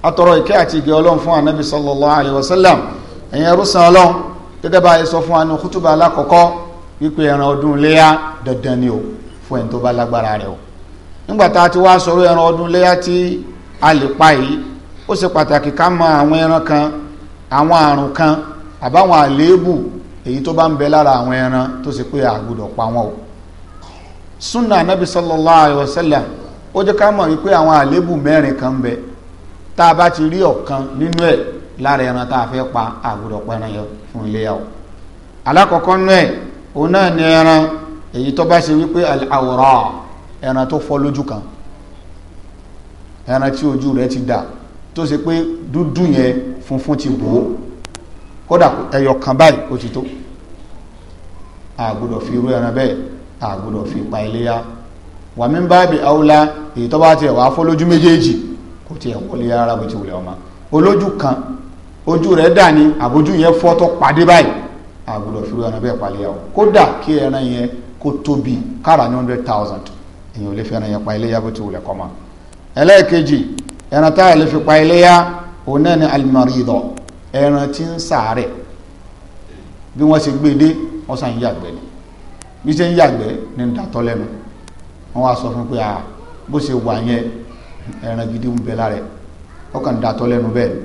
atọrọ ìkẹ́ àti ìgẹ́ ọlọ́run fún anabi ẹrúsàn ọlọ́run gẹ́gẹ́ bá a sọ fún o fún ẹni tó bá lágbára rẹ o nígbà tá a ti wá sọ̀rọ̀ ẹran ọdún léyà tí a lè pa yìí ó ṣe pàtàkì ká ẹran kan àwọn àrùn kan àbáwọn àléébù èyí tó bá ń bẹ lára àwọn ẹran sunna nabi sallallahu alayhi wa sallam ó jẹ́ ká mọ̀ wípé àwọn àléébù kan bẹ tá a bá ti rí ọ̀kan nínú ẹ̀ lára ẹran tá a fẹ́ pa àgùdọ̀ pẹran yọ fún iléyà o alákọ̀ọ́kọ́ nú ẹ̀ òun náà ni ẹran èyí tó bá ṣe wípé àwòrán ẹran to fọ́ loju kan ẹran ti oju re ti da to se pe dúdú yẹn funfun ti bo ó kódà ẹyọ kan báyìí ó ti tó àgùdọ̀ fi irú ẹran bẹ́ẹ̀ àgbọ́dọ̀ fi pa iléyá wà mí bá bí aula èyí tó bá tiẹ̀ wà fọ́ lójú méjèèjì kò tiẹ̀ wọlé ara bó ti wulẹ̀ ọmọ olójú kan ojú rẹ̀ dà ní àbójú yẹn fọ́ pàdé báyìí àgbọ́dọ̀ fi ẹran bẹ́ẹ̀ palẹ̀ yàwó kódà kí ẹran yẹn kó tóbi kára ní hundred thousand èyí ò lè fi ẹran yẹn pa iléyá bó ti wulẹ̀ kọ́ ma ẹlẹ́ẹ̀kejì ẹran táyà lè fi pa iléyá òun náà ẹran tí ń bí ṣe ń yàgbẹ́ ní ìdàtọ́ lẹ́nu wọ́n wá sọ fún pé ah bó wà yẹn ẹran gidi ń bẹ lára ẹ̀ ọkàn lẹ́nu bẹ́ẹ̀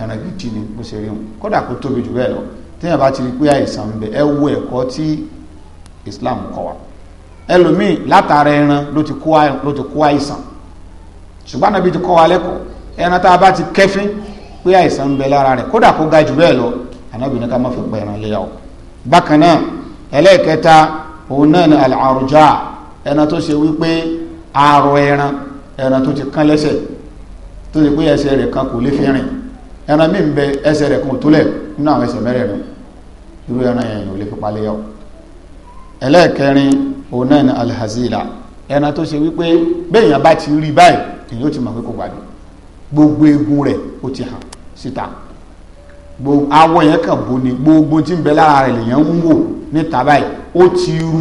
ẹran gidi ni bó ṣe rí wọn kódà kó tóbi jù bẹ́ẹ̀ lọ téèyàn ti Islam kọ́ wa ẹlòmíì látara ẹran ló ti kó àìsàn ṣùgbọ́n àbí ti kọ́ wa lẹ́kọ̀ọ́ ẹran tá a bá ti kẹ́fín pé àìsàn ń bẹ lára kódà kó ga jù bẹ́ẹ̀ lọ òun náà ni àlàrùjá ẹna tó ṣe wípé àrò ẹran ẹran tó ti kán lẹ́sẹ̀ tó ti pé ẹsẹ̀ rẹ̀ kan kò lè fi rìn ẹran míì ń bẹ ẹsẹ̀ rẹ̀ kan tó lẹ̀ nínú àwọn ẹsẹ̀ irú ẹran yẹn ò lè fi palẹ̀ ẹlẹ́ẹ̀kẹrin òun náà ni alhazila ẹran tó ṣe wípé béèyàn bá ti rí báyìí èyí ó ti gbogbo egun rẹ̀ ó ti hàn síta awọ yẹn kàn gbogbo tí ń bẹ lára níta báyìí ó ti rú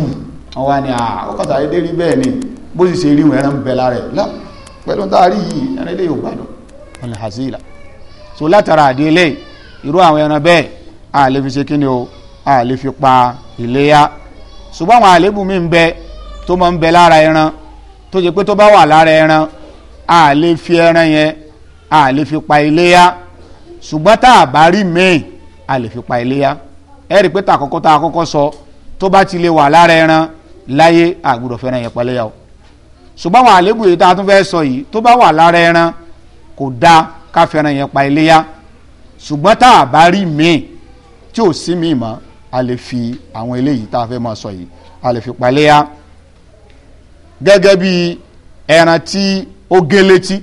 wọn wá ní ọkọ̀tà ilé rí bẹ́ẹ̀ ni bó sì ṣe rí wọn ẹran bẹ lára ẹ̀ lọ pẹ̀lú táàrí yìí ẹran ilé yóò gbádùn wọn lè so látara àdéhélé irú àwọn ẹran bẹ́ẹ̀ a fi ṣe kí o a lè fi pa iléyá ṣùgbọ́n àwọn àlébù mi ń bẹ tó máa ń bẹ lára ẹran tó ṣe pé tó bá wà lára ẹran a lè fi ẹran yẹn a fi pa iléyá ṣùgbọ́n tá a bá rí mẹ́ẹ̀ a fi pa iléyá ẹ rí i pé tá àkọ́kọ́ tá àkọ́kọ́ sọ tó bá ti lè wà lára ẹran láyé àgbùdọ̀ fẹ́ràn yẹn pẹ́lẹ́yà o ṣùgbọ́n àwọn àlébù yìí tá a tún fẹ́ sọ yìí tó bá wà lára ẹran kò dáa ká fẹ́ràn yẹn pa iléyà ṣùgbọ́n tá a bá rí míì tí ò sí míì mọ́ a lè fi àwọn eléyìí tá a fẹ́ máa sọ yìí a lè fi pa iléyà gẹ́gẹ́ bí ẹran tí ó gé létí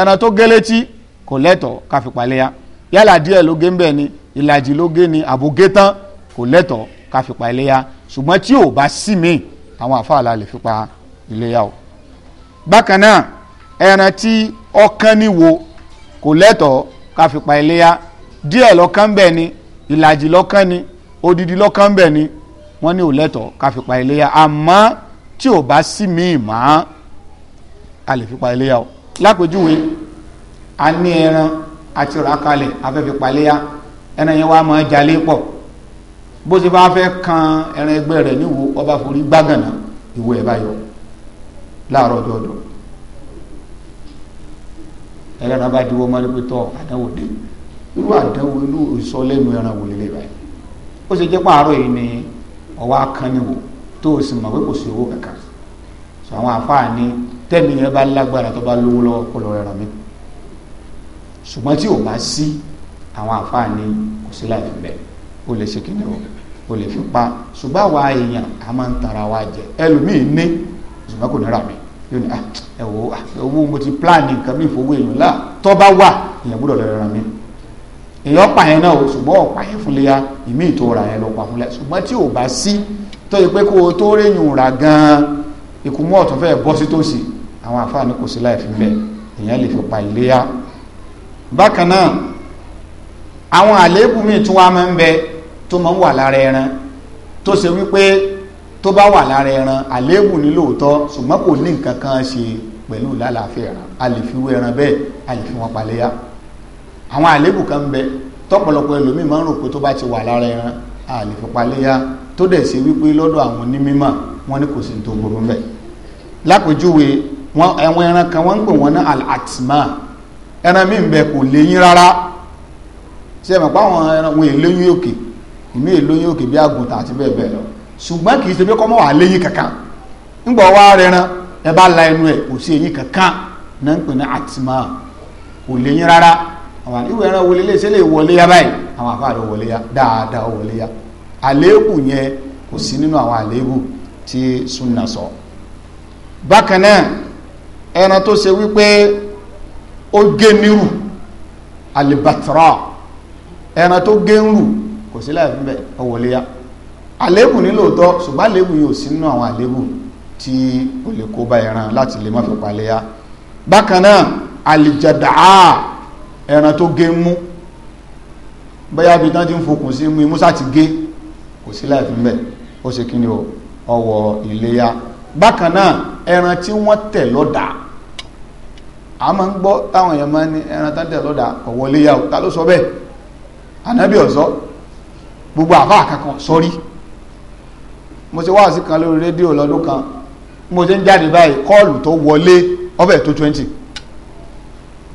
ẹran tó gé létí kò lẹ́tọ̀ọ́ ká fi pa iléyà yálà díẹ̀ ló gé ń bẹ̀ ni ìlàjì ló gé ni àbògé tán kò lẹ́tọ̀ọ́ ká fi pa iléyà ṣùgbọ́n tí ò bá sí mi àwọn àfàlà lè fi pa iléyà o. bákan náà ẹran tí ọkàn ni wo kò lẹ́tọ̀ọ́ ká fi pa iléyà díẹ̀ lọ́kàn bẹ̀ ni ìlàjì lọ́kàn ni odidi lọ́kàn bẹ̀ ni wọ́n ní ò lẹ́tọ̀ọ́ ká fi pa iléyà àmọ́ tí ò bá sí mi mọ́ a lè fi pa iléyà o. lápèjúwe a ní ẹran àti rà kalẹ̀ afẹ́fẹ́ paléyà ẹran yẹn wá máa jalè pọ̀ bó ti bá fẹ́ kan ẹran ẹgbẹ́ rẹ̀ níwò ọba forí gbágànà ìwò ẹ̀ bá yọ láàárọ̀ ọjọ́ọ̀dọ̀ ẹran bá diwọ́ mọ́ nípa tọ́ àdánwò dé irú àdánwò inú ìsọ lẹ́nu ẹran wò lélẹ̀ báyìí ó ṣe jẹ́ pààrọ̀ yìí ni ọwọ́ akániwò tó o sì mọ̀ pé kò sí owó kankan sọ àwọn àfáà ní tẹ́mi yẹn bá lágbára tó bá lówó lọ́wọ́ kó lọ́ọ́ ẹran mi ṣùgbọ́n tí ò bá sí àwọn àfáà kò sí láì fi bẹ́ẹ̀ o lè ṣe kíni o o lè fi pa ṣùgbọ́n àwa èèyàn a máa ń tara wa jẹ ẹlòmíì ní ṣùgbọ́n kò ní ra mi yóò ní ẹ wo owó mo ti plan nǹkan mi ìfowó èèyàn láà tọ́ bá wà èèyàn gbọ́dọ̀ lọ ra mi èèyàn pa yẹn náà o ṣùgbọ́n ọ̀pá yẹn fún léya ìmí ìtura yẹn ló pa fún léya ṣùgbọ́n tí ò bá sí tó yẹ pé kó o tó réyìn ra gan-an ìkùmọ̀ ọ̀tún fẹ́ẹ́ bọ́ sí tòsí àwọn àfáà ní kò sí láì fi bẹ́ẹ̀ èèyàn lè fi pa ìléyà bákan náà àwọn àléébù míì tún wá máa ń bẹ tó máa ń wà lára ẹran tó ṣe wípé tó bá wà lára ẹran àléébù ní lóòótọ́ ṣùgbọ́n kò ní nǹkan kan ṣe pẹ̀lú lálàáfíà ẹran a lè fi wé ẹran bẹ́ẹ̀ a lè fi wọn paléyà àwọn àléébù kan ń bẹ tọ́pọ̀lọpọ̀ ẹlòmíì máa ń rò pé tó bá ti wà lára ẹran a lè fi paléyà tó dẹ̀ ṣe wípé lọ́dọ̀ àwọn onímímọ̀ wọn ní kò sí tó gbogbo bẹ́ẹ̀ lápèjúwe ẹran kan wọ́n ń pè wọ́n ní al ẹran mi ń bẹ kò léyín rárá ṣe mọ̀ páwọn ẹran wọn èlóyún òkè ìmí èlóyún òkè bí àgùntàn àti bẹ́ẹ̀ bẹ́ẹ̀ lọ ṣùgbọ́n kì í ṣe pé kọ́mọ́ wà léyín kankan ńgbọ̀ wá rẹran ẹ bá la ẹnu ẹ kò sí eyín kankan náà ń pè ní kò rárá àwọn ìwé ẹran wọlé lè ṣe lè wọlé báyìí àwọn sọ bákan náà ẹran tó ṣe ó gé nírù ẹran tó gé ń rù kò sí láì fún bẹ ọwọlé ya àléébù ní lóòótọ́ yóò sí nínú àwọn àléébù tí ó lè kó bá ẹran láti ẹran tó gé mú bóyá tán ti ń fokùn sí mú ti gé kò sí láì fún bẹ ó ṣe kí ni ọwọ́ ẹran tí wọn tẹ a máa ń gbọ́ táwọn èèyàn máa ní ẹran tán tẹ̀ lọ́dà ọ̀wọ́ léyà ta ló sọ bẹ́ẹ̀ ànábì ọ̀sọ́ gbogbo àfa àkàkàn sọ́rí mo ṣe wáàsí kan lórí rédíò lọ́dún kan mo ṣe ń jáde báyìí kọ́ọ̀lù tó wọlé ọbẹ̀ tó twenty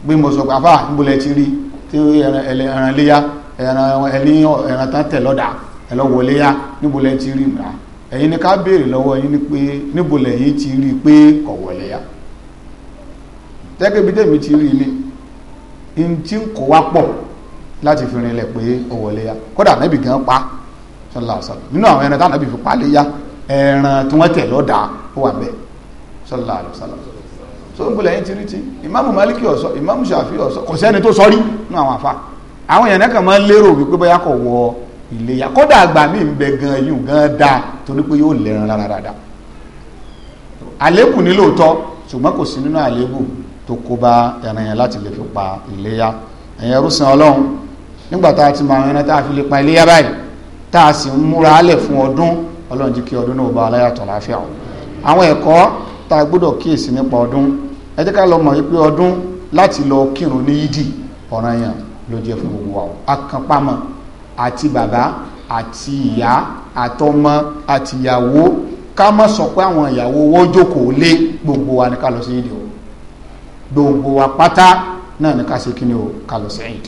bí mo sọ pé àfa ìbúlẹ̀ ti rí tí ẹran léyà ẹran ẹni ẹran tán tẹ̀ lọ́dà ẹlọ́wọlé yá níbo lẹ ti rí mi rà ẹ̀yin ni ká béèrè lọ́wọ́ yín ni pé níbo lẹ̀yin ti rí i pé kọ̀wọ̀lé yá tẹ́kẹ́ bí tèmi ti rí ni n tí ń kó wá pọ̀ láti fi rinlẹ̀ pé ọwọ́ léyà kódà nẹ́bì gan pa sallallahu alaihi wasallam nínú àwọn ẹran táwọn nẹ́bì fi pa léyà ẹran tí wọ́n tẹ̀ lọ́dà ó wà bẹ́ẹ̀ sallallahu alaihi wasallam so n bolẹ̀ yín ti rí ti ìmáàmù Málíkì ọ̀sọ́ ìmáàmù Ṣàfi ọ̀sọ́ kò sẹ́ni tó sọ́rí nínú àwọn àfa àwọn èèyàn kan máa ń lérò wípé bóyá kò wọ ìléyà kódà àgbà mi ń bẹ gan yìí gan da torí pé yóò lẹ́ran rárá dáadáa àlébù ni lóòótọ́ ṣùgbọ́n kò sí nínú àlébù tó kó bá ẹran yẹn láti lè fi pa iléyá ẹ̀yin ẹrúsìn ọlọ́run nígbà tá a ti máa ẹran tá a fi lè pa iléyá báyìí tá a sì ń múra álẹ̀ fún ọdún ọlọ́run jí kí ọdún náà bá aláyàtọ̀ láàfíà o àwọn ẹ̀kọ́ tá a gbọ́dọ̀ kíyèsí nípa ọdún ẹ jẹ́ ká lọ mọ̀ wípé ọdún láti lọ kírun ní yídì ọ̀ràn yẹn ló jẹ́ fún gbogbo wa o akànpamọ́ àti bàbá àti ìyá àtọmọ àtìyàwó ká má sọ pé àwọn ìyàwó wọ́n jókòó lé gbogbo wa ní ká lọ sí yídì o gbogbo wa pata náà ní ká kí ni o ká lọ sí Eid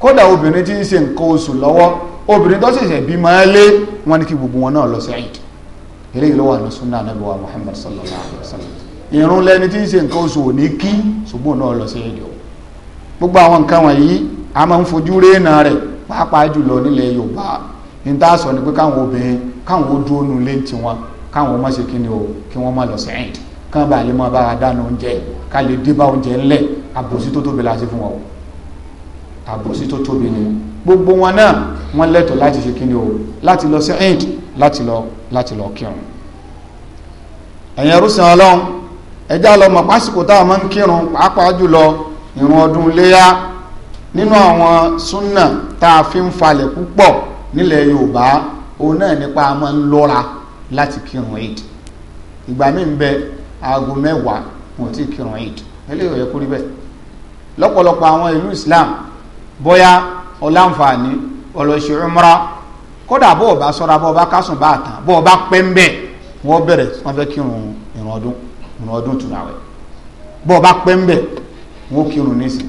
kódà obìnrin tí ń ṣe nǹkan oṣù lọ́wọ́ obìnrin tó ṣẹ̀ṣẹ̀ bí máa lé wọn ní kí gbogbo wọn náà lọ sí eléyìí ló wà ní sunna anabi wa Muhammad sallallahu alayhi wa sallam irun lẹni tí ń ṣe nǹkan oṣù òní kí ṣùgbọ́n náà lọ sí Eid o gbogbo àwọn nǹkan wọ̀nyí a máa ń fojú réènà rẹ̀ pàápàá jùlọ nílẹ̀ Yorùbá ní tá sọ ni pé káwọn obìnrin káwọn ó dúró nu lé tiwọn káwọn ó ṣe kí ni o kí wọ́n má lọ sí kán bá lè mọ bá a dáná oúnjẹ ká lè dé bá oúnjẹ ńlẹ̀ àbòsí tó tóbi la ṣe fún wọn o àbòsí tó tóbi ni gbogbo wọn náà wọn lẹ́tọ̀ọ́ láti ṣe kíni o láti lọ sí Eid láti lọ láti lọ kírun ẹ̀yin ẹrúsìn Ọlọ́run ẹjá lọ mọ̀ pásìkò táwọn máa ń kírun pàápàá jùlọ ìrun ọdún léyà nínú àwọn súnà tá a fi ń falẹ̀ púpọ̀ nílẹ̀ Yorùbá òun náà nípa máa ń lọ́ra láti kírun Eid ìgbà míì ń bẹ aago mẹ́wàá wọn ò tí ì kírun eid eléyìí ò yẹ kó rí bẹ́ẹ̀ lọ́pọ̀lọpọ̀ àwọn ìlú islam bóyá ọláǹfààní ọlọ́ṣẹ́ umra kódà bó o bá sọ́ra bó o bá kásùn bá tán bó o bá pẹ́ ń bẹ̀ wọ́n bẹ̀rẹ̀ wọ́n fẹ́ kírun ìrun ọdún ìrun ọdún tùnú àwẹ̀ bó o wọ́n kírun nísìn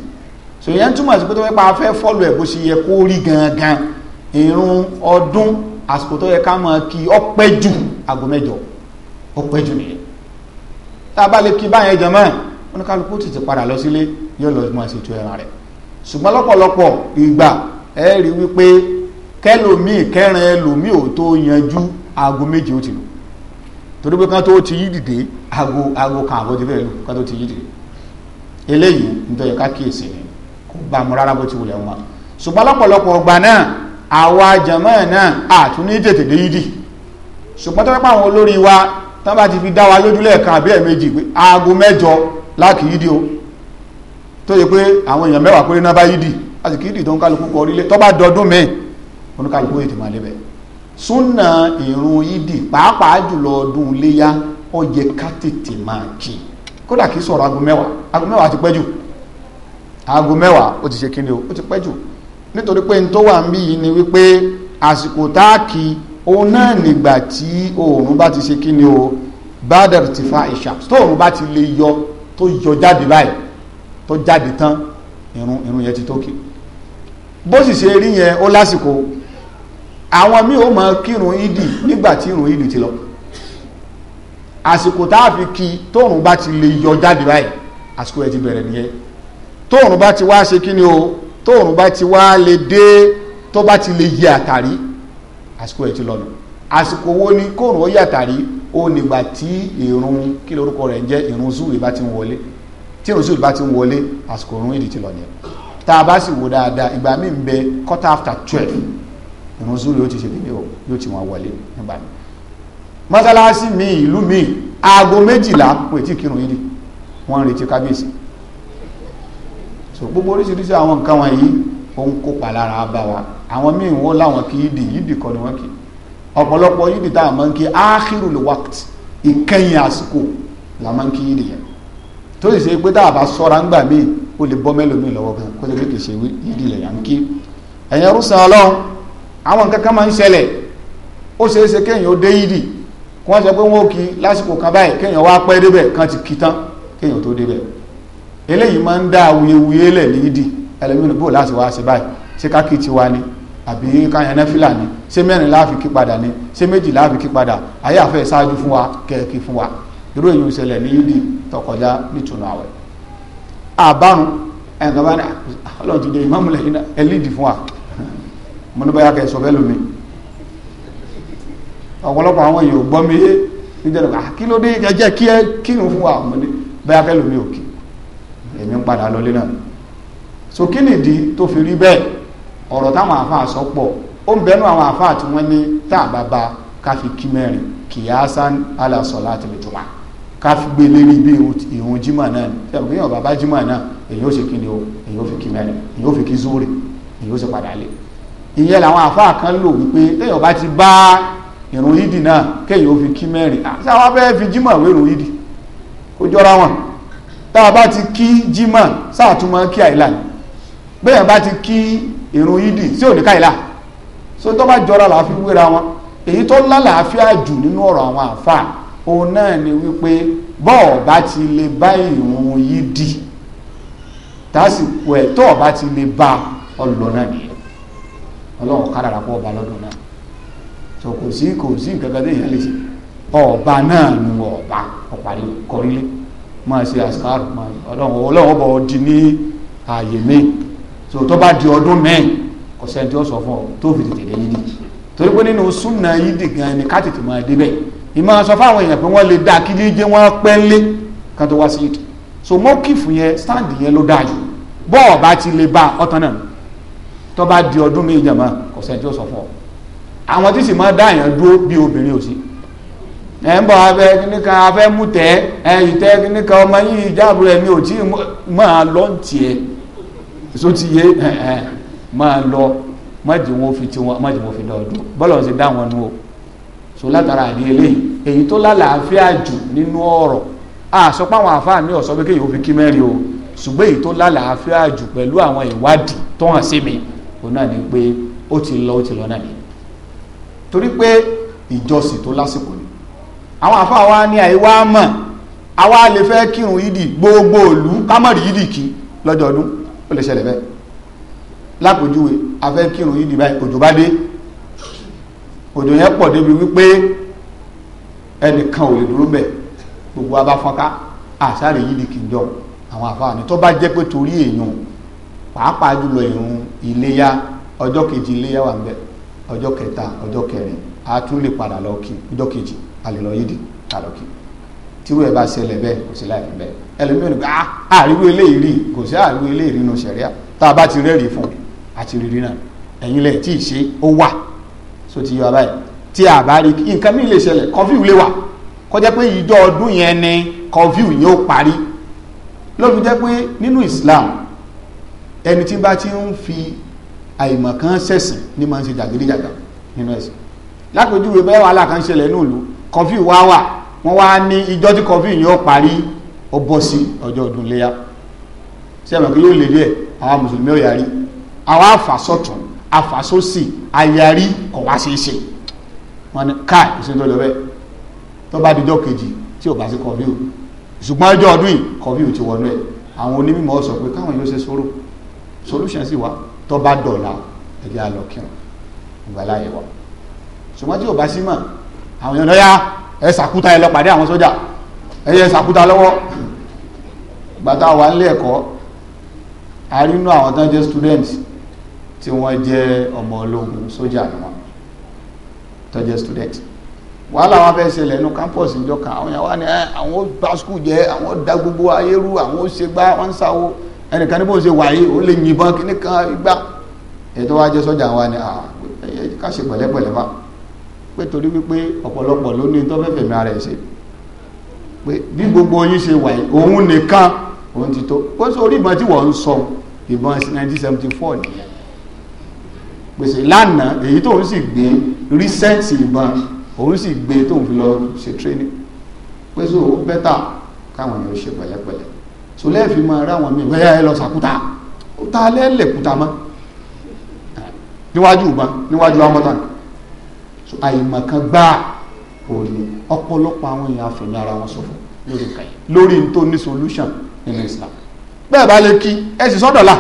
so yẹn túmọ̀ sí pé tó fẹ́ pa afẹ́ fọ́lù ẹ̀ bó ṣe yẹ kó rí gangan ìrun ọdún àsìkò tó yẹ ká máa kí ó pẹ́ jù mẹ́jọ ó pẹ́ nìyẹn tá a bá lè kí báyẹn jẹ mọ́ wọn ní kálukú tètè padà lọ sílé yóò lọ mọ ṣètò ẹran rẹ̀ ṣùgbọ́n lọ́pọ̀lọpọ̀ ìgbà ẹ rí wípé kẹlòmíì kẹrin ẹlòmíì ò tó yanjú aago méje ó ti lò torí pé kán tó ti yí dìde aago aago kan àbọ̀ ti fẹ́ lò kán tó ti yí dìde eléyìí nítorí ká kíyèsí ni kò bá mu rárá bó ti wulẹ̀ wọn ṣùgbọ́n lọ́pọ̀lọpọ̀ ọgbà náà àwa jàmáà náà àtúní tètè dé yídì ṣùgbọ́n tó fẹ́ pàwọn olórí wa tán bá ti fi dá wa lójú lẹ́ẹ̀kan àbí ẹ̀ẹ̀mejì pé aago mẹ́jọ lákìídì o tó yẹ pé àwọn èèyàn mẹ́wàá péré náà bá yídì àti kìídì tó ń kálukú kọ orílẹ̀ tó bá dọdún mẹ́ẹ̀ oníkálukú ètò máa lébẹ̀ súnà ìrun yídì pàápàá jùlọ ọdún iléyá ó yẹ ká tètè máa kí kódà kìí sọ̀rọ̀ aago mẹ́wàá aago mẹ́wàá ti pẹ́ jù aago mẹ́wàá ó ti ṣe kíni o ó ti pẹ́ jù nítorí pé n tó wà ń bí yìí ni wípé àsìkò táàkì òun náà nígbà tí oòrùn bá ti ṣe kí ni o bádàr ti fa ìṣàps tó oòrùn bá ti lè yọ tó yọ jáde báyìí tó jáde tán irun irun yẹn ti tó kí bó sì ṣe rí yẹn ó lásìkò àwọn míì ó máa kírun ìdì nígbà tí irun ìdì ti lọ àsìkò tá a fi kí tóòrùn bá ti lè yọ jáde báyìí àsìkò ẹ ti bẹ̀rẹ̀ nìyẹn tóòrùn bá ti wá ṣe kí ni o tóòrùn bá ti wá lè dé tó bá ti lè yẹ àtàrí àsìkò ẹ̀ ti lọ́nu àsìkò wo ni kóòrùn ó yàtàrí ó nígbà tí ìrun kí lórúkọ rẹ̀ jẹ́ ìrun zúrì bá ti ń wọlé tí ìrun zúrì bá ti ń wọlé àsìkò ìrun ìdí ti lọ nìyẹn tá a bá sì wò dáadáa ìgbà míì ń bẹ quarter after twelve ìrun zúrì yóò ti ṣe kíni o yóò ti wọn wọlé nígbà míì mọ́sálásí mi ìlú mi aago méjìlá kò tí kírun yìí wọ́n retí kábíyèsí so gbogbo oríṣiríṣi àwọn nǹkan wọ̀nyí ó ń kópa lára bá wa àwọn míì wọ́n láwọn kí yídì yídì kọ́ ni wọ́n kí ọ̀pọ̀lọpọ̀ yídì táwọn máa ń kí áhírùl wákìtì ìkẹyìn àsìkò la máa ń kí yídì yẹn tó sì ṣe pé tá a bá sọ́ra ńgbà míì ó lè bọ́ mẹ́lòmíì lọ́wọ́ gan kó lè kéèké ṣe yídì lẹ̀ yà ń kí ẹ̀yin rúṣan ọlọ́run àwọn nǹkan kan máa ń ṣẹlẹ̀ ó ṣeé ṣe kéèyàn ó dé yídì kí wọ́n sọ pé wọ́n ó kí lásìkò kan kéèyàn wá pẹ́ débẹ̀ ká àbí káyàn nẹ́fìlà ni ṣé mẹ́rin láàfi kí padà ni ṣé méjì láàfi kí padà ayé àfẹ́ ṣáájú fún wa kẹ́ẹ̀kí fún wa irú èyí ìṣẹ̀lẹ̀ ní yídì tọkọjá nítùnú àwẹ̀ àbárun ẹnìkan bá ní ọlọ́run ti dé ìmáàmù lẹ́yìn ẹlídì fún wa mo ní báyà kẹsọ bẹ́ẹ̀ lómi ọ̀pọ̀lọpọ̀ àwọn èèyàn gbọ́ mi yé níjọba ah, kí ló dé jẹ́ kí ẹ kírun fún wa mo ní báyà kẹlòmí òkè èmi ń padà lọlé náà so kí nìdí tó fi ọ̀rọ̀ táwọn àáfàá sọ pọ̀ ó ń bẹnu àwọn àáfàá tí wọ́n ní tá a bá ba ká fi kí mẹ́rin kìyàsán ala salatil juma ká fi gbé lérí bí ìhun jimá náà ni ṣe àbùkù yàn bàbá jimá náà èyí ó ṣe kí ni o èyí ó fi kí mẹ́rin èyí ó fi kí zúrì èyí ó ṣe padà lé ìyẹn làwọn àáfàá kan lò wípé téèyàn bá ti bá ìrun yídì náà kéèyàn ó fi kí mẹ́rin àti àwọn abẹ́ẹ́ fi jimá wé ìrun yídì kó jọra wọn tá bá ti kí jimá sáà tún kí àìlànà bẹ́ẹ̀ bá ti kí ìrun yídì tí ò ní káyìlá so tó bá jọra làá fi wéra wọn èyí tó lálàáfíà jù nínú ọ̀rọ̀ àwọn àfà òun náà ni wípé bọ́ọ̀ bá ti lè bá ìrun yídì tásìkò ẹ̀ tó ọba ti lè bá ọlọ́ náà nìyẹn ọlọ́run kádàrà pọ̀ ọba lọ́dún náà so kò sí kò sí nǹkan kan téèyàn lè ṣe ọba náà nu ọba ọ̀parí kọrílé máa ṣe àṣàrò máa ọlọ́run ọlọ́run bọ̀ ọ́ ní ààyè mẹ́rin so tó bá di ọdún mẹ́ẹ̀ kò sẹ́ni tí ó sọ fún ọ tó fi tètè dé yídì torí pé nínú súnà yídì gan ni ká tètè máa débẹ̀ ìmọ̀ sọ fáwọn èèyàn pé wọ́n lè dá kí jíjẹ́ wọn pẹ́ lé kan tó wá sí yídì so mọ́kìfù yẹn stand yẹn ló dáa jù bọ́ọ̀ bá ti lè ba ọ̀tán náà tó bá di ọdún méjì jàmá kò sẹ́ni tí ó sọ fún ọ àwọn tí sì máa dá èèyàn dúró bí obìnrin ò sí ẹ ń bọ̀ abẹ kíní kan abẹ mú tẹ ẹ ìtẹ kíní kan ọmọ yìí ìjáàbù rẹ mi ò tí ì máa lọ́ǹtì ẹ so ti yé eh, eh, máa lọ májì wọn fi ti wọn májì wọn fi dá ọdún bọ́lá ọ̀sẹ̀ dá wọn nú o so látara àdéhélé èyí tó lálàáfíà jù nínú ọ̀rọ̀ àsọpá àwọn àfáà mi ọ̀sọ́ pé kéèyàn ó fi kí mẹ́rin o ṣùgbọ́n èyí tó lálàáfíà jù pẹ̀lú àwọn ìwádìí tó hàn sí mi òun náà ni pé o ti lọ o ti lọ náà ni torí pé ìjọsìn tó lásìkò ni àwọn àfáà wa ní àìwá mọ̀ àwa lè fẹ́ kírun yídì gbogbo ìlú kámọ̀rì yídì kí lọ́jọ́ ọdún ó lè ṣẹlẹ̀ bẹ́ẹ̀ lápòjúwe afẹ́ kírun yìí dìbà òjò bá dé òjò yẹn pọ̀ débi wípé ẹnìkan ò lè dúró bẹ̀ gbogbo abáfọ́nká àṣàrè yìí di kìjọ àwọn àfààní tó bá jẹ́ pé torí èèyàn pàápàá jùlọ ìrun iléyà ọjọ́ kejì iléyà wà ń ọjọ́ kẹta ọjọ́ kẹrin a tún lè padà lọ kí ọjọ́ kejì a lè lọ yídì a lọ kí tírú ẹ̀ bá ṣẹlẹ̀ bẹ́ẹ̀ kò sí láìpẹ́ bẹ́ẹ̀ ẹlòmíràn ní ah, àríwú eléyìí rí kò sí àríwú eléyìí rí nù tá a bá ti rẹ́rìí fún àti rírí náà ẹ̀yin lẹ̀ tí ì ṣe ó wà so ti yọ abáyé tí a bá rí nǹkan mi lè ṣẹlẹ̀ kọfíù lè wà kọjá pé ìjọ ọdún yẹn ni kọfíù yẹn ó parí lọ́dún jẹ́ pé nínú Islam ẹni tí bá ti ń fi àìmọ̀kan sẹ̀sìn ní máa ń ṣe jàgídíjàgà nínú ẹ̀sìn lápèjúwe bẹ́ẹ̀ wàhálà kan ṣẹlẹ̀ ní kọfíù wá wà wọ́n wá ní ìjọ́ tí kọfí yìí ó parí ó bọ́ sí ọjọ́ ọdún léyà sí ẹ̀mọ̀ kí yóò lè díẹ̀ àwọn mùsùlùmí ò yàrí àwọn àfàsọ̀tún àfàsọ́sì àyàrí kò wá sí ṣe wọn ni káì ìṣèjọ lọ bẹ́ẹ̀ tó bá dijọ́ kejì tí ò bá sí kọfí o ṣùgbọ́n ọjọ́ ọdún yìí kọfí ti wọnú ẹ̀ àwọn onímọ̀ sọ pé káwọn yóò ṣe sọ̀rọ̀ solution sì wá tó bá dọ̀la ẹ̀jẹ̀ àlọ́kìrùn ìgbàláyé wa ṣùgbọ́n tí ò bá sí mọ̀ àwọn èèyàn lọ́yà ẹ sàkúta ẹ lọ pàdé àwọn sójà ẹ yẹ sàkúta lọ́wọ́ gbàtà wà nílé ẹ̀kọ́ a rí inú àwọn tán jẹ́ student tí wọ́n jẹ́ ọmọ ológun sójà ni wọ́n tó jẹ́ student wàhálà wọn fẹ́ ṣẹlẹ̀ ní campus ìjọ kan àwọn yàwá ni àwọn bá skul jẹ́ àwọn dá gbogbo ayérú àwọn ó ṣe gbá wọn sáwó ẹnìkan níbo ṣe wáyé ó lè yìnbọn kíníkan igbá ètò wa jẹ́ sójà wa ni àwọn ká ṣe pẹ̀lẹ́pẹ̀lẹ́ báwọn pé torí wípé ọ̀pọ̀lọpọ̀ ló ní tó fẹ́fẹ́ mi ara ẹ̀ ṣe pé bí gbogbo yín ṣe wà òun nìkan òun ti tó ó sọ orí ìbọn tí wọ́n ń sọ ìbọn 1974 nìyẹn pèsè lánàá èyí tóun sì gbé rísẹ́ǹsì ìbọn òun sì gbé tóun fi lọ ṣe tírénì pèsè ó bẹ́tà káwọn èèyàn ṣe pẹ̀lẹ́pẹ̀lẹ́ so lẹ́ẹ̀fi máa ráwọn míì bẹ́ẹ̀ ẹ lọ sàkúta ó ta lẹ́ẹ̀lẹ̀kúta mọ́ níwájú ìbọn níwájú amọ́tàn àìmọ̀kan gbá òní ọ̀pọ̀lọpọ̀ àwọn èèyàn àfẹ̀mí ara wọn ṣòfò lórí nǹkan yìí lórí n tó ní solution nínú Islam bẹ́ẹ̀ bá lè kí ẹ sì sọ́dọ̀ là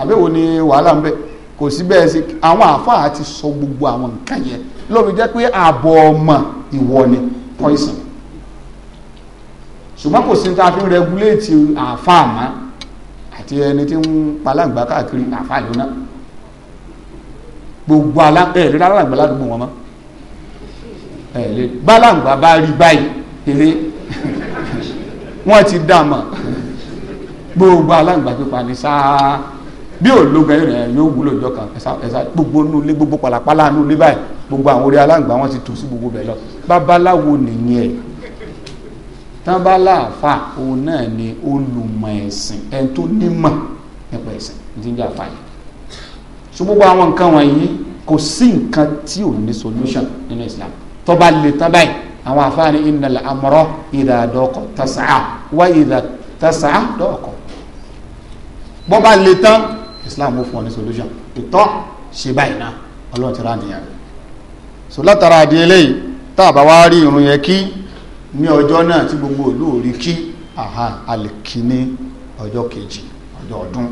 àbẹ̀wò ni wàhálà ń bẹ kò sí bẹ́ẹ̀ sí àwọn àáfàá ti sọ gbogbo àwọn nǹkan yẹn lóbi jẹ́ pé ààbọ̀ ọmọ ìwọ ni poison ṣùgbọ́n kò sí ta fi ń regulate àáfàá mọ́ àti ẹni tí ń palàǹgbá káàkiri àáfàá lónà gbogbo alágbẹ̀ẹ́rẹ́ alàgbà ládùúgbò wọn mọ́ ẹ̀ lé gbálàǹgbà bá rí báyìí eré wọ́n ti dàmọ̀ gbogbo aláǹgbà pípa ní sáà bí ológun ẹ̀rọ yẹn yóò wúlò ìjọ kan ẹ̀sà gbogbo inú ilé gbogbo pàlàpàlà inú ilé báyìí gbogbo àwọn orí aláǹgbà wọn ti tò sí gbogbo bẹ̀ lọ babaláwo nìyẹn tábàláàfà òun náà ni olùmọ̀ ẹ̀sìn ẹni tó nímọ̀ nípa ẹ̀sìn ní ìjà fàyè so gbogbo àwọn nǹkan wọ̀nyí kò sí nǹkan tí ò ní solution nínú Islam tọ́ba lè tán báyìí àwọn àfáàní innal amra ìdá dọ́kọ̀ tẹ̀sán wá ìdá tẹ̀sán dọ́kọ̀ bọ́ba lè tán islam ó fún ọ ní solution ìtọ́ ṣe báyìí náà ọlọ́run ti rà nìyẹn rẹ̀ so látara àdí eléyìí tá a bá wá rí irun yẹn kí ní ọjọ́ náà tí gbogbo ìlú rí kí àhà ní ọjọ́ kejì ọjọ́ ọdún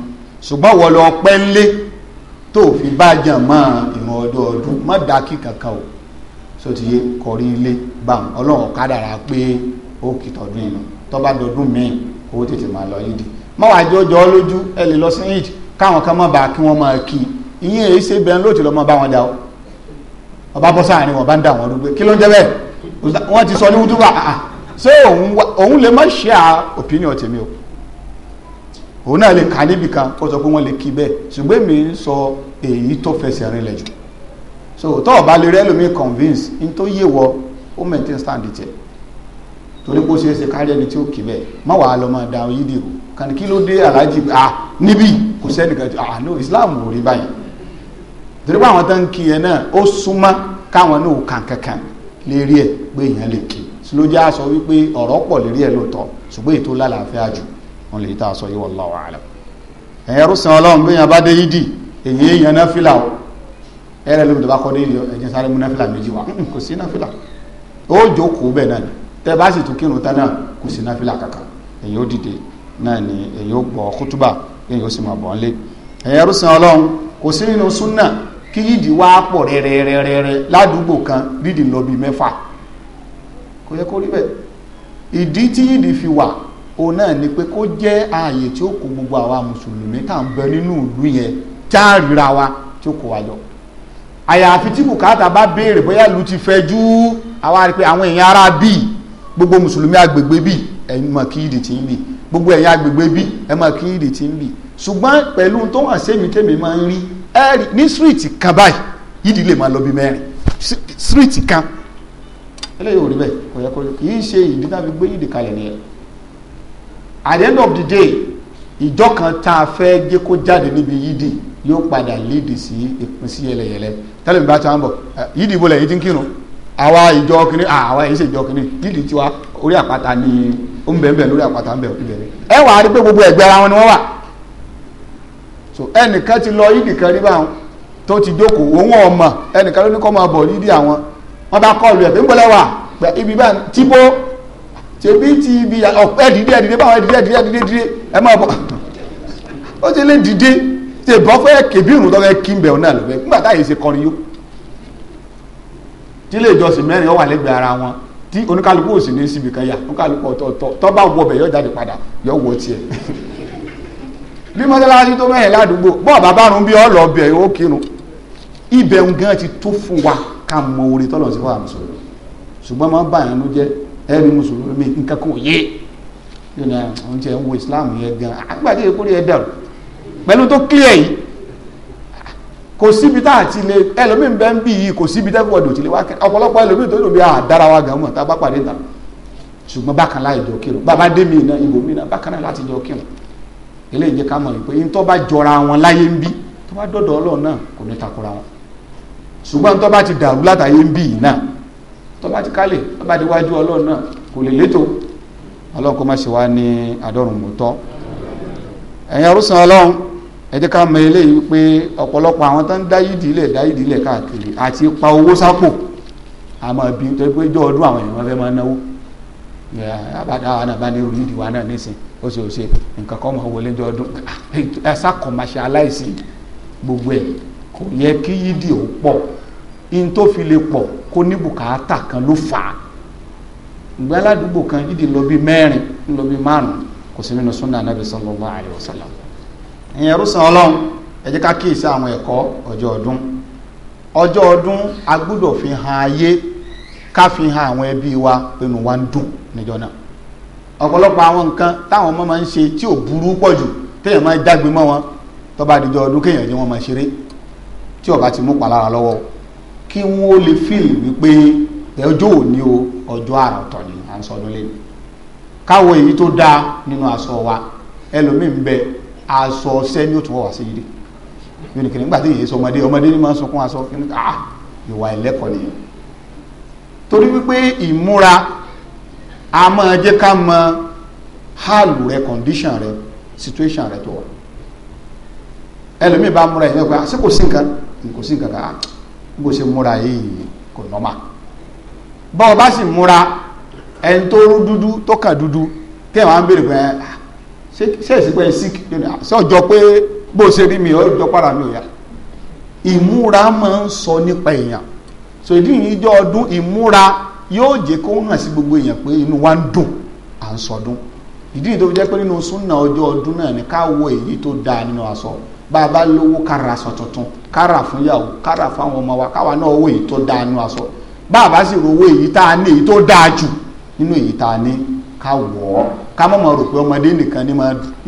ṣùgbọ́n wọ́n lọ pẹ́ tó fi bá jàn mọ́ ìrun ọjọ́ ọdún má dákì kankan o so ti yé kọrí ilé báwọn ọlọ́run ra pé ó kì tọdún inú tọ́ba dọdún míì owó tètè máa lọ yídì má wàá jọ jọ lójú ẹ lè lọ sí yídì káwọn kan má bàa kí wọ́n máa kí ìyẹn èyí ṣe bẹ́ẹ̀ lóòtọ́ lọ́mọ bá wọn jà ó ọba bọ́ sáàrin wọn bá ń dà wọn rúgbẹ́ kí ló ń jẹ́ bẹ́ẹ̀ wọ́n ti sọ ní wúdúbà ah, ah, ṣé òun lè má ṣe à opinion tèmi o òun náà lè kà níbì kó sọ pé wọ́n lè kí bẹ́ẹ̀ ṣùgbọ́n èmi ń sọ èyí tó fẹsẹ̀ rinlẹ̀ jù so tó o bá lè rẹ́ lómi convince n tó yé wọ ó maintain stand tiẹ̀ torí kó ṣeé ṣe kárí ẹni tí ó kì bẹ́ẹ̀ má wàá lọ máa da yídì o kàní kí ló dé aláàjì à níbí kò sẹ́nìkan jù à no Islam ò rí báyìí torí pé àwọn tó ń kí yẹn náà ó súnmọ́ káwọn náà kàn kankan lérí ẹ̀ pé èèyàn lè kí sí ló jẹ́ àṣọ wípé ọ̀rọ̀ pọ̀ lérí ẹ̀ lóòótọ́ ṣùgbọ́n ètò lálàáfíà jù wọn lè yí tá a sọ yìí wallahu alam ẹ̀yẹ́rú sàn ọlọ́run bí èèyàn bá dé yídì èèyàn èèyàn náà fìlà o ẹrẹ lómi tó bá kọ́ dé ìlú ẹ̀jẹ̀ sáré mú náfìlà méjì wá hmm, kò sí náfìlà ó jókòó bẹ́ẹ̀ náà tẹ́ bá sì tún kírun tán náà kò sí náfìlà kankan èyí ó dìde náà ni èyí ó gbọ́ kútúbà èyí ó sì máa bọ̀ ń lé ẹ̀yẹ rúsan ọlọ́run kò sí nínú súnà kí yídì wá pọ̀ rẹ́rẹ́rẹ́rẹ́ ládùúgbò kan rídì lọ bíi mẹ́fà kò yẹ kó rí bẹ́ẹ̀ ìdí tí yídì fi wà òun náà ni pé kó jẹ́ ààyè tí ó kó gbogbo àwa mùsùlùmí tá à ń bẹ nínú ìlú yẹn tá à ríra wa tí ó kó wa jọ àyàfi tí bùkátà bá béèrè bóyá ìlú ti fẹ́ jú àwa rí pé àwọn èèyàn ara bíi gbogbo mùsùlùmí agbègbè bíi ẹ̀yìn mọ̀ kí ìdì tí ń bì gbogbo ẹ̀yìn agbègbè bíi ẹ̀ mọ̀ kí ìdì tí ń bì ṣùgbọ́n pẹ̀lú tó hàn sẹ́mi tẹ́mi máa ń rí ẹ̀rí ní síríìtì kan báyìí yídì lè máa lọ bí mẹ́rin síríìtì kan eléyìí ò rí bẹ́ẹ̀ kò yẹ kó kì í ṣe ìdí náà gbé yídì kalẹ̀ nìyẹn at the end of the day ìjọ kan tá a fẹ́ gé kó jáde níbi yídì yóò padà léde sí ìpín sí yẹlẹyẹlẹ tẹ́lẹ̀ mi bá ti wá ń bọ̀ yídì ìbò lẹ́yìn tí ń kírun àwa ìjọ kìíní àwa yìí ṣe ìjọ kìíní yídì tiwa orí àpáta ni ó ń bẹ̀ẹ̀ bẹ̀ẹ̀ lórí àpáta ń bẹ̀ẹ̀ ibẹ̀ ẹ wàá rí pé gbogbo ẹ̀gbẹ́ ara wọn ni wọ́n wà so ẹnìkan ti lọ yídì kan rí báwọn tó ti jókòó òun ọmọ ẹnìkan ló ní kọ́ máa bọ̀ yídì àwọn wọn bá kọ́ọ̀lù ẹ̀ ṣebí ti ibi ọ̀pẹ́ dìde ẹ̀dìde báwọn ẹ̀dìde ẹ̀dìde ẹ̀dìde ẹ̀dìde ẹ̀ máa bọ̀ ó ti lé dìde ṣe bọ́ fẹ́ kébí ìrùn tọ́fẹ́ kí n bẹ̀ ọ́nà lọ́fẹ́ nígbà táyé ṣe kọrin yó tí ilé ìjọsìn mẹ́rin ó wà lẹ́gbẹ̀ẹ́ ara wọn tí oníkálukú ò sì ní síbi kan yà oníkálukú ọ̀tọ̀ọ̀tọ̀ tó bá wọ ọbẹ̀ yọ jáde padà yọ wọ tiẹ̀ bí mọ́sálásí tó mẹ́rin ládùúgbò bọ́ọ̀ bàbá rún bí ọ̀lọ́ ọbẹ̀ yóò kírun ibẹ̀ ń gan ti tó fún wa ká mọ orin tọ́lọ̀ sí wa mùsùlùmí ṣùgbọ́n máa ń bàyàn ló jẹ́ ẹbí mùsùlùmí nǹkan kò yé yóò ní àwọn tí ẹ ń wo islam yẹn gan agbàdé ah, ìkórè ẹ dàrú pẹ̀lú tó clear yìí kò síbi tá àti lè ẹlòmíín bẹ́ẹ̀ ń bì yìí kò síbi tẹ́kọ̀ ọ̀dọ̀ tí lè wá kẹ́ ọ̀pọ̀lọpọ̀ ẹlòmíín tó lòmí àdára ah, wa gan mọ̀ tá a bá pàdé ta ṣùgbọ́n bákan láì jọ kírun bàbá dé mi iná ìbò mi iná bákan náà láti jọ kírun eléyìí jẹ́ ká mọ̀ pé yín tó bá jọra wọn láyé ń bí tó bá dọ̀dọ̀ ọlọ́run náà kò ní takora wọn ṣùgbọ́n tó bá ti dàrú látàyé ń bí yìí náà tọ́ba ti kálẹ̀ tọ́ba ti wájú ọlọ́run náà kò lè létò ọlọ́run kó má ṣe wá ní àdọ́rùn mọ́tọ́ ẹ̀yin arúsàn ọlọ́run ẹ jẹ́ ká mọ eléyìí pé ọ̀pọ̀lọpọ̀ àwọn tó ń dá yìí dílẹ̀ dá yìí dílẹ̀ káàkiri àti pa owó sápò àmọ́ ibi tó pé jọ ọdún àwọn èèyàn fẹ́ máa náwó àbádá wa náà bá ní orí ìdìwà náà nísìn ó ṣe òṣè nǹkan kan máa wọlé jọ ọdún ah, ẹ̀sà commercialize gbogbo ẹ̀ kò yẹ kí yídì ó pọ̀ in tó fi le pọ̀ kó ní bùkátà kan ló fà á ìgbà kan yìí lọ bí mẹ́rin lọ bí márùn kò sí nínú súnà anábì sallallahu alaihi wasallam ìyẹn rúsan ọlọ́run ẹ ká kíyèsí àwọn ẹ̀kọ́ ọjọ́ ọdún ọjọ́ ọdún a gbúdọ̀ fi hàn ayé ká fi hàn àwọn ẹbí wa pinnu wa ń dùn níjọ náà ọ̀pọ̀lọpọ̀ àwọn nǹkan táwọn ọmọ máa ń ṣe tí ò burú pọ̀ jù wọn ọdún kéèyàn jẹ́ wọn máa ṣeré tí kí wọ́n ó lè fíìlì wípé ẹjọ́ òní o ọjọ́ àrà ọ̀tọ̀ ni à ń sọ ọdún lẹ́nu káwọ èyí tó dáa nínú aṣọ wa ẹlòmíín bẹ aṣọ ọṣẹ ni ó tún wọ̀ wá sí yìí yóò ní nígbà tí èyí sọ ọmọdé ọmọdé ni máa ń sunkún aṣọ kí ní ká ah, ìwà ẹlẹ́kọ̀ọ́ nìyẹn torí wípé ìmúra a máa jẹ́ ká mọ hálù rẹ condition rẹ situation rẹ tó wà ẹlòmíín bá múra ẹ̀ ní ọgbà ṣé kò sí nǹkan kò sí nǹkan kan ah, bó ṣe múra yìí kò nọ́mà bọ́ọ̀ bá sì múra ẹni tó rú dúdú tó kàn dúdú tí ẹ̀ máa ń béèrè pé ah, ṣé ìsìnkú ẹ̀ sick ah, ṣé ọjọ́ pé bó ṣe rí mi ọjọ́ para mi ò yá ìmúra máa ń sọ nípa èèyàn so ìdí yìí jọ ọdún ìmúra yóò jẹ́ kó hàn sí gbogbo èèyàn pé inú wa ń dùn à ń sọdún ìdí yìí tó fi pé nínú súnà ọjọ́ ọdún náà ni ká wo èyí tó dáa nínú aṣọ bá a bá lówó kára aṣọ tuntun kára fúnyàwó kára fáwọn ọmọ wa káwa náà owó èyí tó dáa nu aṣọ bá a bá sì rówó èyí tá a ní èyí tó dáa jù nínú èyí tá a ní ká wọ̀ ọ́ ká mọ̀ mọ̀ rò pé ọmọdé nìkan ní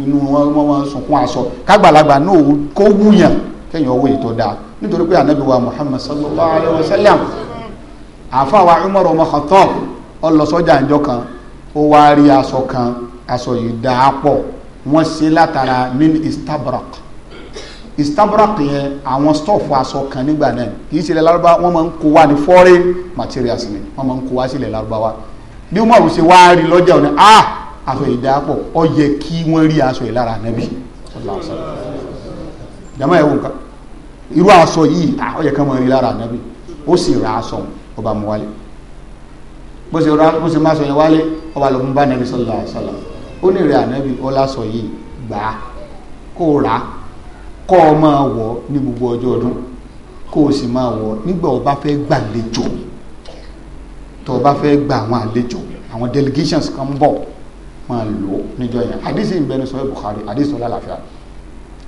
inú wọn wọn sunkún aṣọ kágbàlagbà náà kó wúyàn kẹ́yìn owó èyí tó dáa nítorí pé ànábì wa Muhammad sallallahu alayhi wa sallam àfa wa Umar ọmọ Khattab ọlọsọjà ìjọ kan ó wá rí aṣọ kan aṣọ yìí dáa pọ̀ wọ́n ṣe látara min istabrak istabrak yẹn àwọn stọọfù aṣọ kan nígbà náà kì í ṣe ilẹ̀ lárúbá wọ́n máa ń kó wá ní foreign materials ni wọ́n máa ń kó wá sí ilẹ̀ lárúbá wa bí wọ́n máa ṣe wá rí lọ́jà òní ah aṣọ ìdápọ̀ ó yẹ kí wọ́n rí aṣọ ìlara ànábì jama ẹ̀wọ̀n kan irú aṣọ yìí ah, ó yẹ kán máa rí lára ànábì ó sì ra aṣọ ọba mu wálé bó ṣe ra bó ṣe má aṣọ yẹn wálé ọba ló ń bá ànábì sallallahu alaihi wasallam ó ní ìrẹ̀ ànábì ó láṣọ yìí gbà á kó rà á kọ́ ọ máa wọ̀ ní gbogbo ọjọ́ ọdún kó o sì máa wọ̀ nígbà o bá fẹ́ gbàlejò tó o bá fẹ́ gba àwọn àlejò àwọn delegations kan bọ̀ máa lò ó níjọ́ yẹn hadisi ń sọ ẹ Bukhari hadisi ọlá àlàáfíà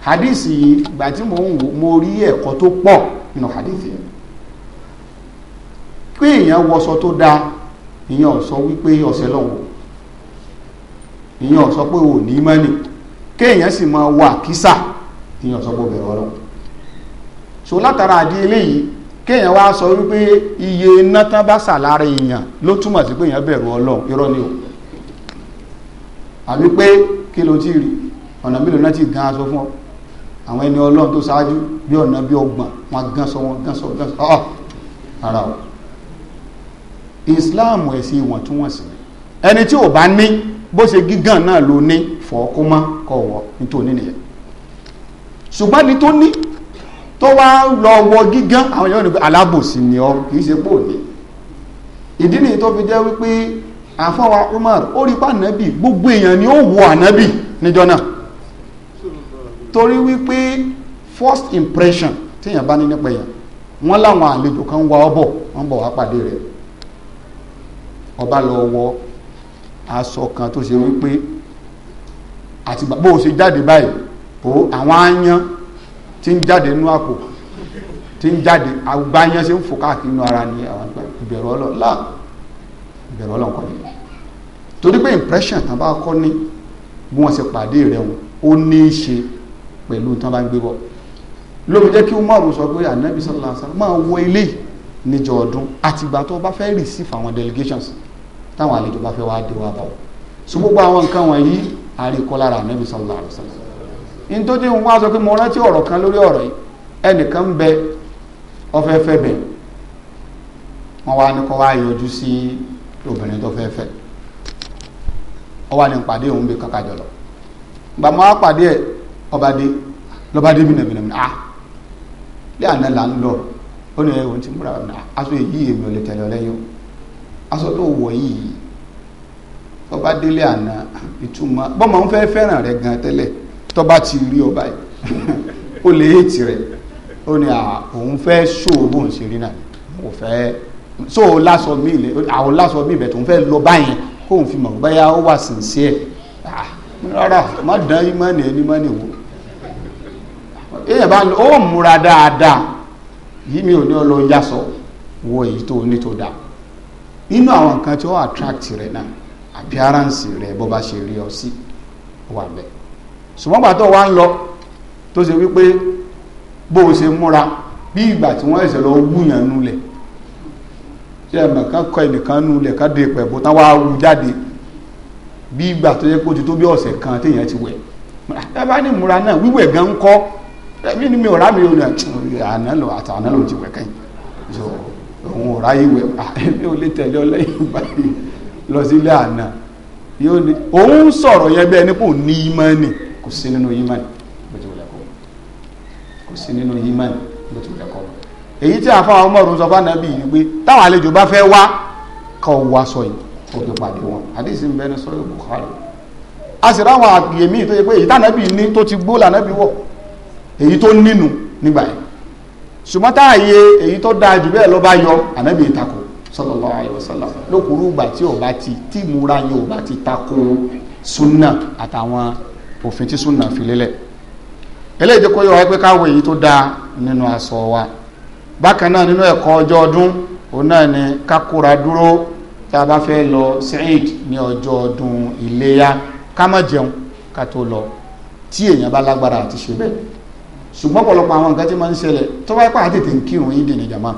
hadisi ìgbà tí mo ń wò mo rí ẹ̀kọ́ tó pọ̀ nínú hadisi yẹn pé èèyàn wọṣọ tó dáa ìyẹn ò sọ wípé ọ̀sẹ̀ lọ́wọ́ ìyẹn ò sọ pé ò ní mọ́nì kéèyàn sì máa wọ àkísà ìyàn sọ pé bẹ̀rẹ̀ ọlọ́run so látara àdí eléyìí kéèyàn wá sọ wípé iye iná tán bá sà lára èèyàn ló túmọ̀ sí pé èèyàn bẹ̀rù ọlọ́run irọ́ ni o àbí pé kí ló ti rí ọ̀nà mélòó náà ti gan aṣọ fún ọ àwọn ẹni ọlọ́run tó ṣáájú bí ọ̀nà bí ọgbọ̀n wọn gan sọ wọn gan sọ gan sọ ọ ah! ara o Islam ẹ̀sìn ìwọ̀ntúnwọ̀nsì ẹni tí ò bá ní bó ṣe gígàn náà ló ní fọ́ kó má kọ̀ wọ́ nítorí nìyẹn ṣùgbọ́n ni tó ní tó wá lọ wọ gígán àwọn yóò ní pé alábòsí ni ọ kì í ṣe pò ní ìdí nìyí tó fi jẹ́ wípé àfọwà Umar ó rí pa ànábì gbogbo èèyàn ni ó wo ànábì níjọ náà torí wípé first impression téèyàn bá ní nípa èèyàn wọ́n láwọn àlejò kan wá ọbọ̀ wọ́n bọ̀ wá pàdé rẹ̀ ọba lọ wọ aṣọ kan tó ṣe wípé àtìgbà bó o ṣe jáde báyìí kó àwọn aáyán tí ń jáde nínú àpò tí ń jáde àgbà aáyán ṣe ń fò káàkiri inú ara ní àwọn àgbà ìbẹ̀rù ọlọ́run láà ìbẹ̀rù ọlọ́run kọ́ nìyẹn torí pé impression tán bá kọ́ ní bí wọ́n ṣe pàdé rẹ̀ wọn ó ní í ṣe pẹ̀lú tán bá ń gbé bọ̀ lóbi jẹ́ kí umaru sọ pé anabi sallallahu alaihi wasallam máa wọ ilé níjọ ọdún àtìgbà tó bá fẹ́ receive àwọn delegations táwọn àlejò bá fẹ́ wá dé wá bá wọn so gbogbo àwọn nǹkan wọ̀nyí àríkọ́ lára anabi sallallahu alaihi ní tó dín wọn sọ pé mo kan lórí ọ̀rọ̀ yìí ẹnìkan ń bẹ ọfẹ́fẹ́ bẹ̀ wọ́n wá ní kọ́ wá yọjú sí obìnrin tó fẹ́ fẹ́ ọ wà pàdé òun bí jọlọ gbà máa pàdé ẹ ọba dé lọba dé ah lé àná là ń lọ ó ní ẹ̀wọ̀n tí múra bìnà ah, aṣọ èyí èmi ò lè tẹ̀lé ọ aṣọ tó wọ̀ yìí ọba délé àná bọ́mọ̀ ń fẹ́ fẹ́ràn gan tẹ́lẹ̀ tó bá ti rí ọba yìí ó lè é tirẹ̀ ó ní òun fẹ́ ṣòwò bóun ṣe rí náà mo fẹ́ so lásọ mi ilẹ̀ àwọn lásọ mi ibẹ̀ tó ń fẹ́ lọ báyìí kóun fi mọ̀ báyà ó wà sincere rárá má dán ìmọ̀nì ẹni mọ́nì wò èèyàn bá ó múra dáadáa yìí mi ò ní ọlọ yasọ wo èyí tó ní tó dáa nínú àwọn nǹkan tí ó attract rẹ náà appearance rẹ bó bá ṣe rí ọ sí wà bẹ́ẹ̀ ṣùgbọ́n gbàtọ̀ wá ń lọ tó ṣe wípé bó o ṣe múra bí ìgbà tí wọ́n ẹ̀sẹ̀ lọ wúyàn nulẹ̀ ṣe ẹ̀mọ̀ kan kọ ẹnìkan nulẹ̀ ká dé pẹ̀bù tán wá jáde bí ìgbà tó yẹ kó ti tó bí ọ̀sẹ̀ kan téèyàn ti wẹ̀ ẹ bá ní múra náà wíwẹ̀ gan ń kọ́ ẹ̀mí ni mi ò rá mi ò ní àná lọ àtàná ló ti wẹ̀ kẹ́yìn òun ò ráyè wẹ̀ ẹ̀mí ò lè tẹ̀lé ọlẹ́yìn báyìí lọ sílé àná òun sọ̀rọ̀ yẹn ní ni. Yo, kò sí nínú yimán bó ti wùlẹ̀ kọ́ kò sí nínú yimán bó ti wùlẹ̀ kọ́ èyí tí àfa ọmọ òrùn sọ fáwọn ẹbí wa. pé táwọn àlejò bá fẹ́ wá kọ́ wá sọ yìí kó fi pàdé wọn àdéhìsí ń bẹ ní sọ́yọ́ Bukhari a sì ráwọn àgbèmí tó yẹ pé èyí tànàbí ní tó ti gbó lànàbí wọ̀ èyí tó nínú nígbà yẹn ṣùgbọ́n táàyè èyí tó dáa jù bẹ́ẹ̀ lọ bá yọ ànábì ìtakò sallallahu alaihi lókùrú ìgbà tí ó bá ti tí múra yẹn bá ti takò sunna àtàwọn òfin tí súnà fi lélẹ̀ eléyìí tó kọ́ yọ wá pé káwọ èyí tó dáa nínú aṣọ wa bákan náà nínú ẹ̀kọ́ ọjọ́ ọdún òun náà ni kákóra dúró tá a bá fẹ́ lọ sẹ́ẹ̀d ní ọjọ́ ọdún iléyá ká má jẹun ká tó lọ tí èèyàn bá lágbára àti ṣe bẹ́ẹ̀ ṣùgbọ́n ọ̀pọ̀lọpọ̀ àwọn nǹkan tí máa ń ṣẹlẹ̀ tó bá pàá tètè ń kírun yídì ní jàmá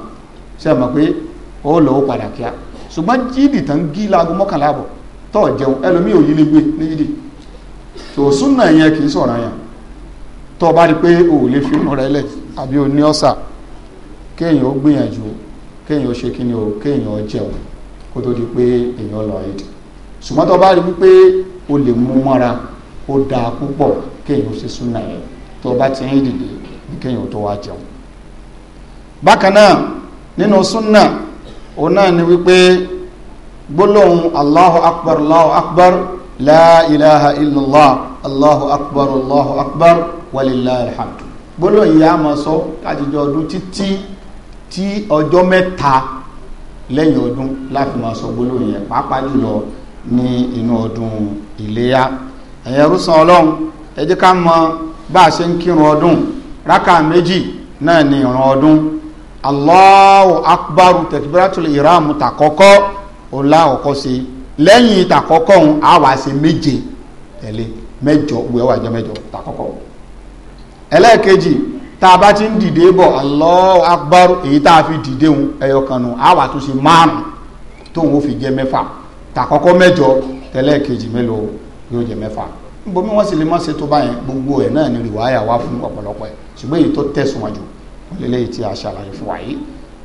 ṣe mọ̀ pé ó lọ ó padà kíá ṣùgbọ́n yídì tán gí láago mọ́kànlá àbọ̀ tó jẹun ẹlòmíì ò yí lé gbé ní yídì so súnà yẹn kì í sọ̀rọ̀ yẹn tó o bá rí pé o ò fi irun rẹ lẹ̀ o ní ọ̀sà kéèyàn ó gbìyànjú kéèyàn ó ṣe kí o kéèyàn ó jẹun kó tó di pé èèyàn lọ ẹ̀dì ṣùgbọ́n tó o wípé o lè mú mọ́ra ó dáa púpọ̀ kéèyàn ó ṣe súnà yẹn tó o bá ti dìde kéèyàn ó tó wá jẹun bákan náà nínú súnà òun náà wípé gbólóhùn la ilaha allahu akbar allahu akbar walilayi alhamdu gbọ́dọ̀ yìí a máa sọ kájíjọ ọdún títí tí ọjọ́ mẹ́ta lẹ́yìn ọdún láti máa sọ gbọ́dọ̀ yẹn pàápàá jùlọ ní inú ọdún iléyà ẹ̀yẹ rúsan ọlọ́run ẹ jẹ́ ká mọ bá a ṣe ń kírun ọdún rákà méjì náà ní ìran ọdún allahu akbar takbiratul ihram tàkọ́kọ́ ọ̀la ọ̀kọ́ sí lẹ́yìn tàkọ́kọ́ ọ̀hún àwa méje tẹ̀lé mẹ́jọ wẹ̀ wà jẹ́ mẹ́jọ takọ́kọ́ ẹlẹ́ẹ̀kejì tá a bá ti ń dìde bọ̀ Allah Akbar èyí tá a fi dìde hun ẹyọ kan nù àwa tó ṣe márùn tóun ó fi jẹ́ mẹ́fà takọ́kọ́ mẹ́jọ tẹ́lẹ́ẹ̀kejì mélòó yóò jẹ́ mẹ́fà bomi wọn sì lè má ṣe tó báyẹn gbogbo ẹ̀ náà ni rìwáyà wá fún ọ̀pọ̀lọpọ̀ ẹ̀ ṣùgbọ́n èyí tó tẹ̀sùn wájú lélẹ́yìí tí a ṣàlàyé fún wa yìí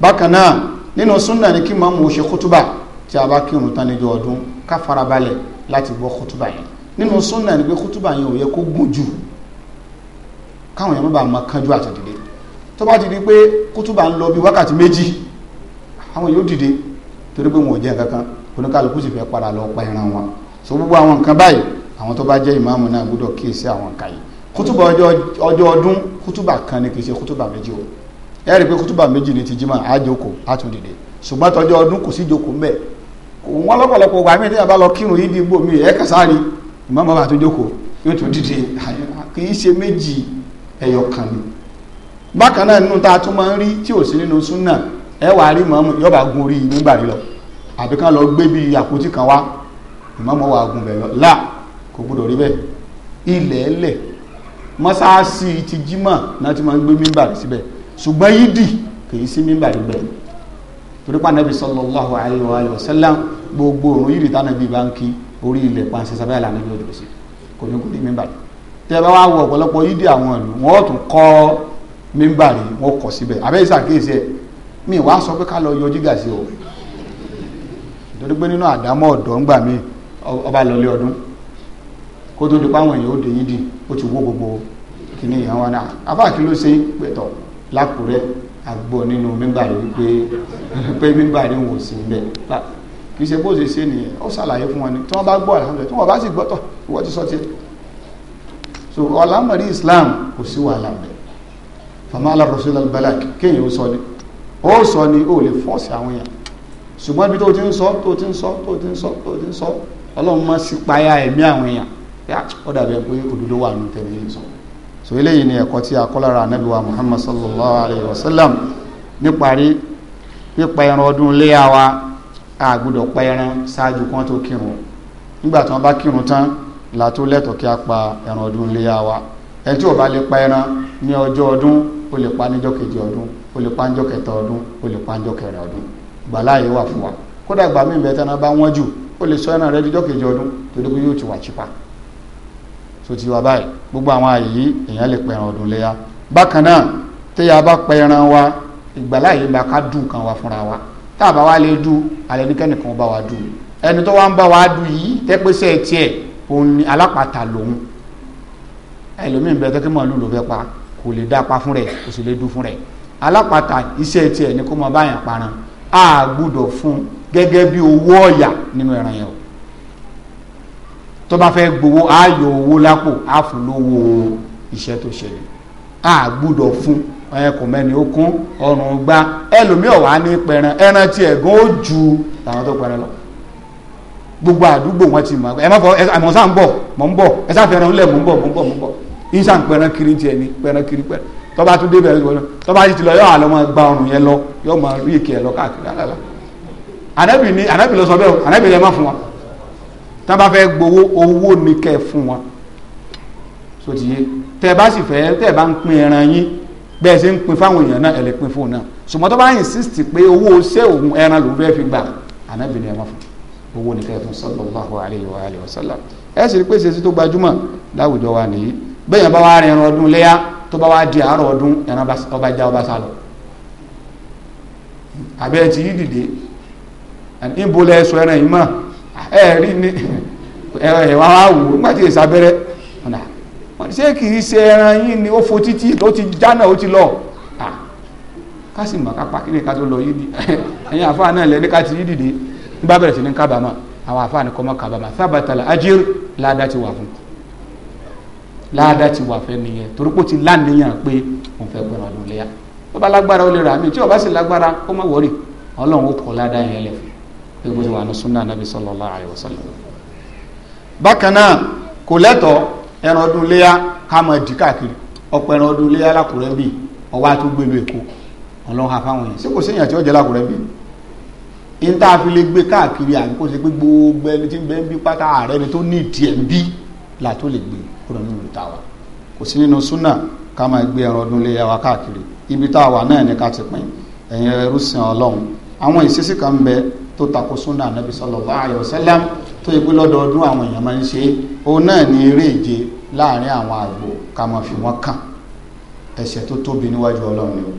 bákan náà nínú súnà ni kí màmú ṣe kútúbà tí a bá kírun tán níjọ ọdún ká farabalẹ̀ láti gbọ́ kútúbà yìí nínú súnà ni pé kútùbà yẹn ò yẹ kó gùn jù káwọn èèyàn má bàa mọ kánjú àti dìde tó bá ti di pé kútùbà ń lọ bí wákàtí méjì àwọn yóò dìde torí pé wọn ò jẹ́ kankan oníkàlùkù sì fẹ́ padà lọ pa ìran wọn so gbogbo àwọn nǹkan báyìí àwọn tó bá jẹ́ ìmáàmù náà gbọ́dọ̀ kíyèsí àwọn nǹkan yìí kútùbà ọjọ́ ọdún kútùbà kan ni kì í ṣe kútùbà méjì o ẹ rí i pé kútùbà méjì ni ti jímọ̀ àjòkò àtúndìde ṣùgbọ́n tọjọ́ ọdún kò sí jòkó mbẹ̀ wọn lọ́pọ̀lọpọ̀ wà mí ìmọ̀ bàbá tó jókòó yóò tún dìde kì ṣe méjì ẹ̀yọ kan ni bákan náà nínú ta tún máa ń rí tí yọba gun orí nígbà rí lọ àbí lọ gbé bí àpótí kan wá ìmọ̀mọ̀ wàá gun bẹ̀ lọ là kò gbọdọ̀ rí bẹ́ẹ̀ ilẹ̀ ẹlẹ̀ mọ́sáàsì ti jímọ̀ náà ti máa ń gbé mímbà rí síbẹ̀ ṣùgbọ́n yídì sí mímbà rí bẹ́ẹ̀ torípa nàbì orí ilẹ̀ pàṣẹ sábẹ́ àlànà bí odò sí kò ní kú ní mímbà tẹ́ bá wá wọ ọ̀pọ̀lọpọ̀ yídì àwọn ìlú wọn tún kọ́ mímbà rí wọn kọ̀ síbẹ̀ abẹ́yẹ sàkíyèsí ẹ̀ mi wàá sọ pé ká lọ yọ jígà sí o torí pé nínú àdámọ́ ọ̀dọ́ ńgbà mi ọba lọlé ọdún kó tó di páwọn èèyàn ó dé yídì ó ti wó gbogbo kìíní ìyàn wa náà afá kí ló ṣe pẹ̀tọ̀ lákùrẹ́ àgbọ̀ nínú mímbà rí wípé pé mímbà rí kì í ṣe bó ṣe ṣe nìyẹn ó ṣàlàyé fún wọn ni tí wọ́n bá gbọ́ àlàmọ̀rí tí wọ́n bá sì gbọ́tọ̀ ìwọ ti sọ ti so àlàmọ̀rí Islam kò sí wàhálà rẹ̀ famala rasul albalak kéèyàn ó sọ ni ó sọ ni ó lè fọ́ọ̀sì àwọn èèyàn ṣùgbọ́n ibi tó ti ń sọ tó ti ń sọ tó ti ń sọ tó ti ń sọ ọlọ́run má sí payá ẹ̀mí àwọn èèyàn yá ó dàbí pé òdodo wà nù tẹ̀lé yìí sọ so eléyìí ni ẹ̀kọ́ tí a kọ́ lára anabi wa muhammad sallallahu alayhi wa sallam níparí pípa ẹran ọdún léyà wa a gbọ́dọ̀ pa ẹran ṣáájú kí wọ́n tó kírun nígbà tí wọ́n bá kírun tán la tó lẹ́tọ̀ọ́ kí a pa ẹran ọdún iléyá wa ẹni tí ò bá lè pa ẹran ní ọjọ́ ọdún ó lè pa níjọ́ kejì ọdún ó lè pa níjọ́ kẹta ọdún ó lè pa níjọ́ kẹrin ọdún gbàláàyè wà fún wa kódà gbà mí bẹ́ẹ̀ tẹ́ná bá wọ́n jù ó lè sọ ẹran rẹ níjọ́ kejì ọdún torí pé yóò ti wà chipa so ti wà báyìí gbogbo àwọn àyè yìí èèyàn lè pa ọdún iléyá bákan náà téyà bá pa wa ìgbàláàyè bá ká dùn kan wa fúnra wa tá a bá wá lè du alẹ́ nìkẹ́nìkan ó bá wa du ẹni tó wá ń bá wa du yìí tẹ́pẹ́sẹ̀ tiẹ̀ òun ni alápàtà lòun ẹlòmíín bẹ́ẹ̀ kẹ́kẹ́ màálù ló fẹ́ pa kò lè dá pa fún rẹ̀ kò sì lè du fún rẹ̀ alápàtà iṣẹ́ tiẹ̀ ni kó mọ báyàn paran a gbúdọ̀ fún gẹ́gẹ́ bí owó ọ̀yà nínú ẹran yẹn o tó bá fẹ́ gbowó a yọ owó lápò a fún lówó iṣẹ́ tó ṣẹlẹ̀ a gbúdọ̀ fún ẹ kò mẹ́ni ó kún ọrùn gbá ẹlòmíọ̀ wá ní pẹran ẹran tí ẹ̀gán ó ju àwọn tó pẹran lọ gbogbo àdúgbò wọn ti mọ ẹ má fọ ẹ àmọ́ sáà ń bọ̀ mọ̀ ń bọ̀ ẹ sáà fẹ́ràn ńlẹ̀ mọ̀ ń bọ̀ mọ̀ ń bọ̀ mọ̀ ń bọ̀ ìṣà ń pẹran kiri tiẹ̀ ni pẹran kiri pẹ̀lú tọ́ba tún débẹ̀ lọ́nà tọ́ba yìí ti lọ yọ àlọ́ máa gba ọrùn yẹn lọ yọ máa rí ìkẹ́ lọ káàkiri alala anabi ni anabi lọ sọ bẹ́ẹ̀ o anabi lẹ má fún wa tá a bá fẹ́ gbowó owó ni kẹ́ fún wa so ti yé tẹ́ ẹ bá sì fẹ́ tẹ́ bá ń pín ẹran yín bẹ́ẹ̀ ṣe ń pin fáwọn èèyàn náà ẹ lè pin fóun náà ṣùgbọ́n tó bá insist pé owó iṣẹ́ òun ẹran ló fẹ́ fi gbà ànábì ni ẹ má fún owó ni kẹ́ ẹ fún sallallahu alayhi wa alihi wa sallam ẹ sì rí pé ṣe sí tó gbajúmọ̀ láwùjọ wa nìyí bẹ́ẹ̀ yẹn bá wá rin ẹran ọdún léyà tó bá wá di àárọ̀ ọdún ẹran ọba já ọba sálọ àbẹ́ ẹ ti yí dìde níbo lẹ sọ ẹran yìí mọ̀ ẹ rí ni ẹ wá wò ó nígbà wọ́n ṣé kì í ṣe ẹran ni ó fo títí ti jánà ó ti lọ ká sì mọ̀ ká pa kíni ká tó lọ yídi náà lẹ́ni ká ti yídi dé nígbà bẹ̀rẹ̀ sí ní kábàámọ̀ àwọn àfa ni kọ́ mọ́ sábàtàlà ajír ládàá ti wà fún ládàá ti wà fẹ́ nìyẹn torí ti láníyàn pé òun fẹ́ bá lágbára ó lè rà mí tí sì lágbára ó má ọlọ́run ó kọ́ ládàá yẹn lẹ̀ fún gbogbo ní sunnah nabi sallallahu alayhi wa sallam ẹran ọdún léyà ká máa dì káàkiri ọ̀pọ̀ ẹran ọdún léyà lákùrẹ́ bíi ọwọ́ àtúgbèlú èkó ọlọ́run àfáwọn yẹn ṣé kò séèyàn tí ó jẹ́ lákùrẹ́ bíi n tá a fi lè gbé káàkiri àbí kó ṣe pé gbogbo ẹni tí ń bẹ ń bí pátá ààrẹ ni tó ní ìdí ẹ̀ ń bí là tó lè gbé kúrò nínú ìta wa kò sí nínú súnà ká máa gbé ẹran ọdún léyà wa káàkiri ibi tá a wà náà ni ká ti pín ẹ̀yin ẹrú sin ọlọ́run àwọn ìṣesí kan ń bẹ tó tako súnà nàbì sallallahu alaihi wasallam tó yẹ pé àwọn èèyàn máa ń ṣe òun náà ni eré ìje láàrin àwọn àgbò ká máa fi wọ́n kàn ẹ̀ṣẹ̀ tó tóbi níwájú ọlọ́run ni o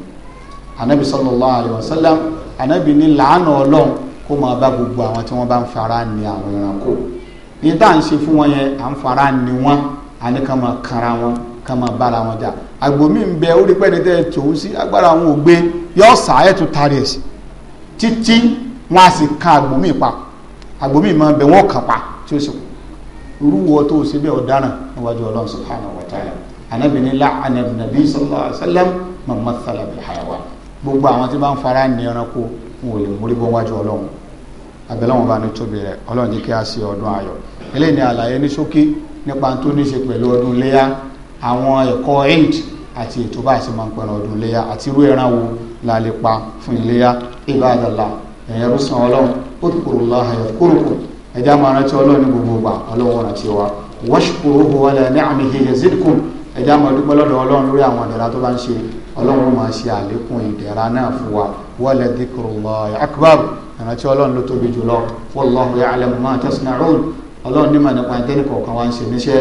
anabi sallallahu alayhi wa sallam anabi ní làánà ọlọ́run kó máa bá gbogbo àwọn tí wọ́n bá ń fara ni àwọn ẹranko ní tá à ń ṣe fún wọn yẹn à ń fara ni wọn à ní ká máa kanra wọn ká máa bára wọn jà àgbò mi ń bẹ ó pẹ́ẹ́ni tẹ́ tòun sí agbára wọn ò yọ ọ̀sà ẹ̀ tó tarí ẹ̀ títí wọn a sì kan àgbò mi pa àgbò mi máa bẹ wọn kàn pa tí ó sì kú rúwọ́ tó ṣe bẹ́ẹ̀ ọ̀daràn níwájú ọlọ́run subhanahu wa ta'ala anabi ni la'ana nabi sallallahu alayhi wa sallam mamman salabi hayawa gbogbo àwọn tí bá ń fara ní ẹranko wọn ò lè múrí bọ́ wájú ọlọ́run abẹ́lẹ́ wọn bá ní tóbi rẹ̀ ọlọ́run ní kí a ṣe ọdún ayọ̀ eléyìí ni àlàyé ní ṣókí nípa tó ní ṣe pẹ̀lú ọdún léyà àwọn ẹ̀kọ́ eid àti ètò bá ṣe máa ń pẹ̀rọ ọdún léyà àti irú ẹran wo la lè pa fún iléyà ibadallah ẹ̀yẹrú san ọlọ́run ó kúrò láhàyọ̀ kúrò kúrò ẹjá máa rántí ọlọ́run ní gbogbo ìgbà ọlọ́run rántí wa washkuruhu ala ni'amihi yazidkum ẹjá máa dúpẹ́ lọ́dọ̀ ọlọ́run lórí àwọn ìdẹ̀ra tó bá ń ṣe ọlọ́run máa ṣe àlékún ìdẹ̀ra náà fún wa wala dhikrullahi akbar ìrántí ọlọ́run ló tóbi jùlọ wallahu ya'lamu ma tasna'un ọlọ́run ní màá nípa ìtẹ́nìkọ̀ọ̀kan wá ń ṣe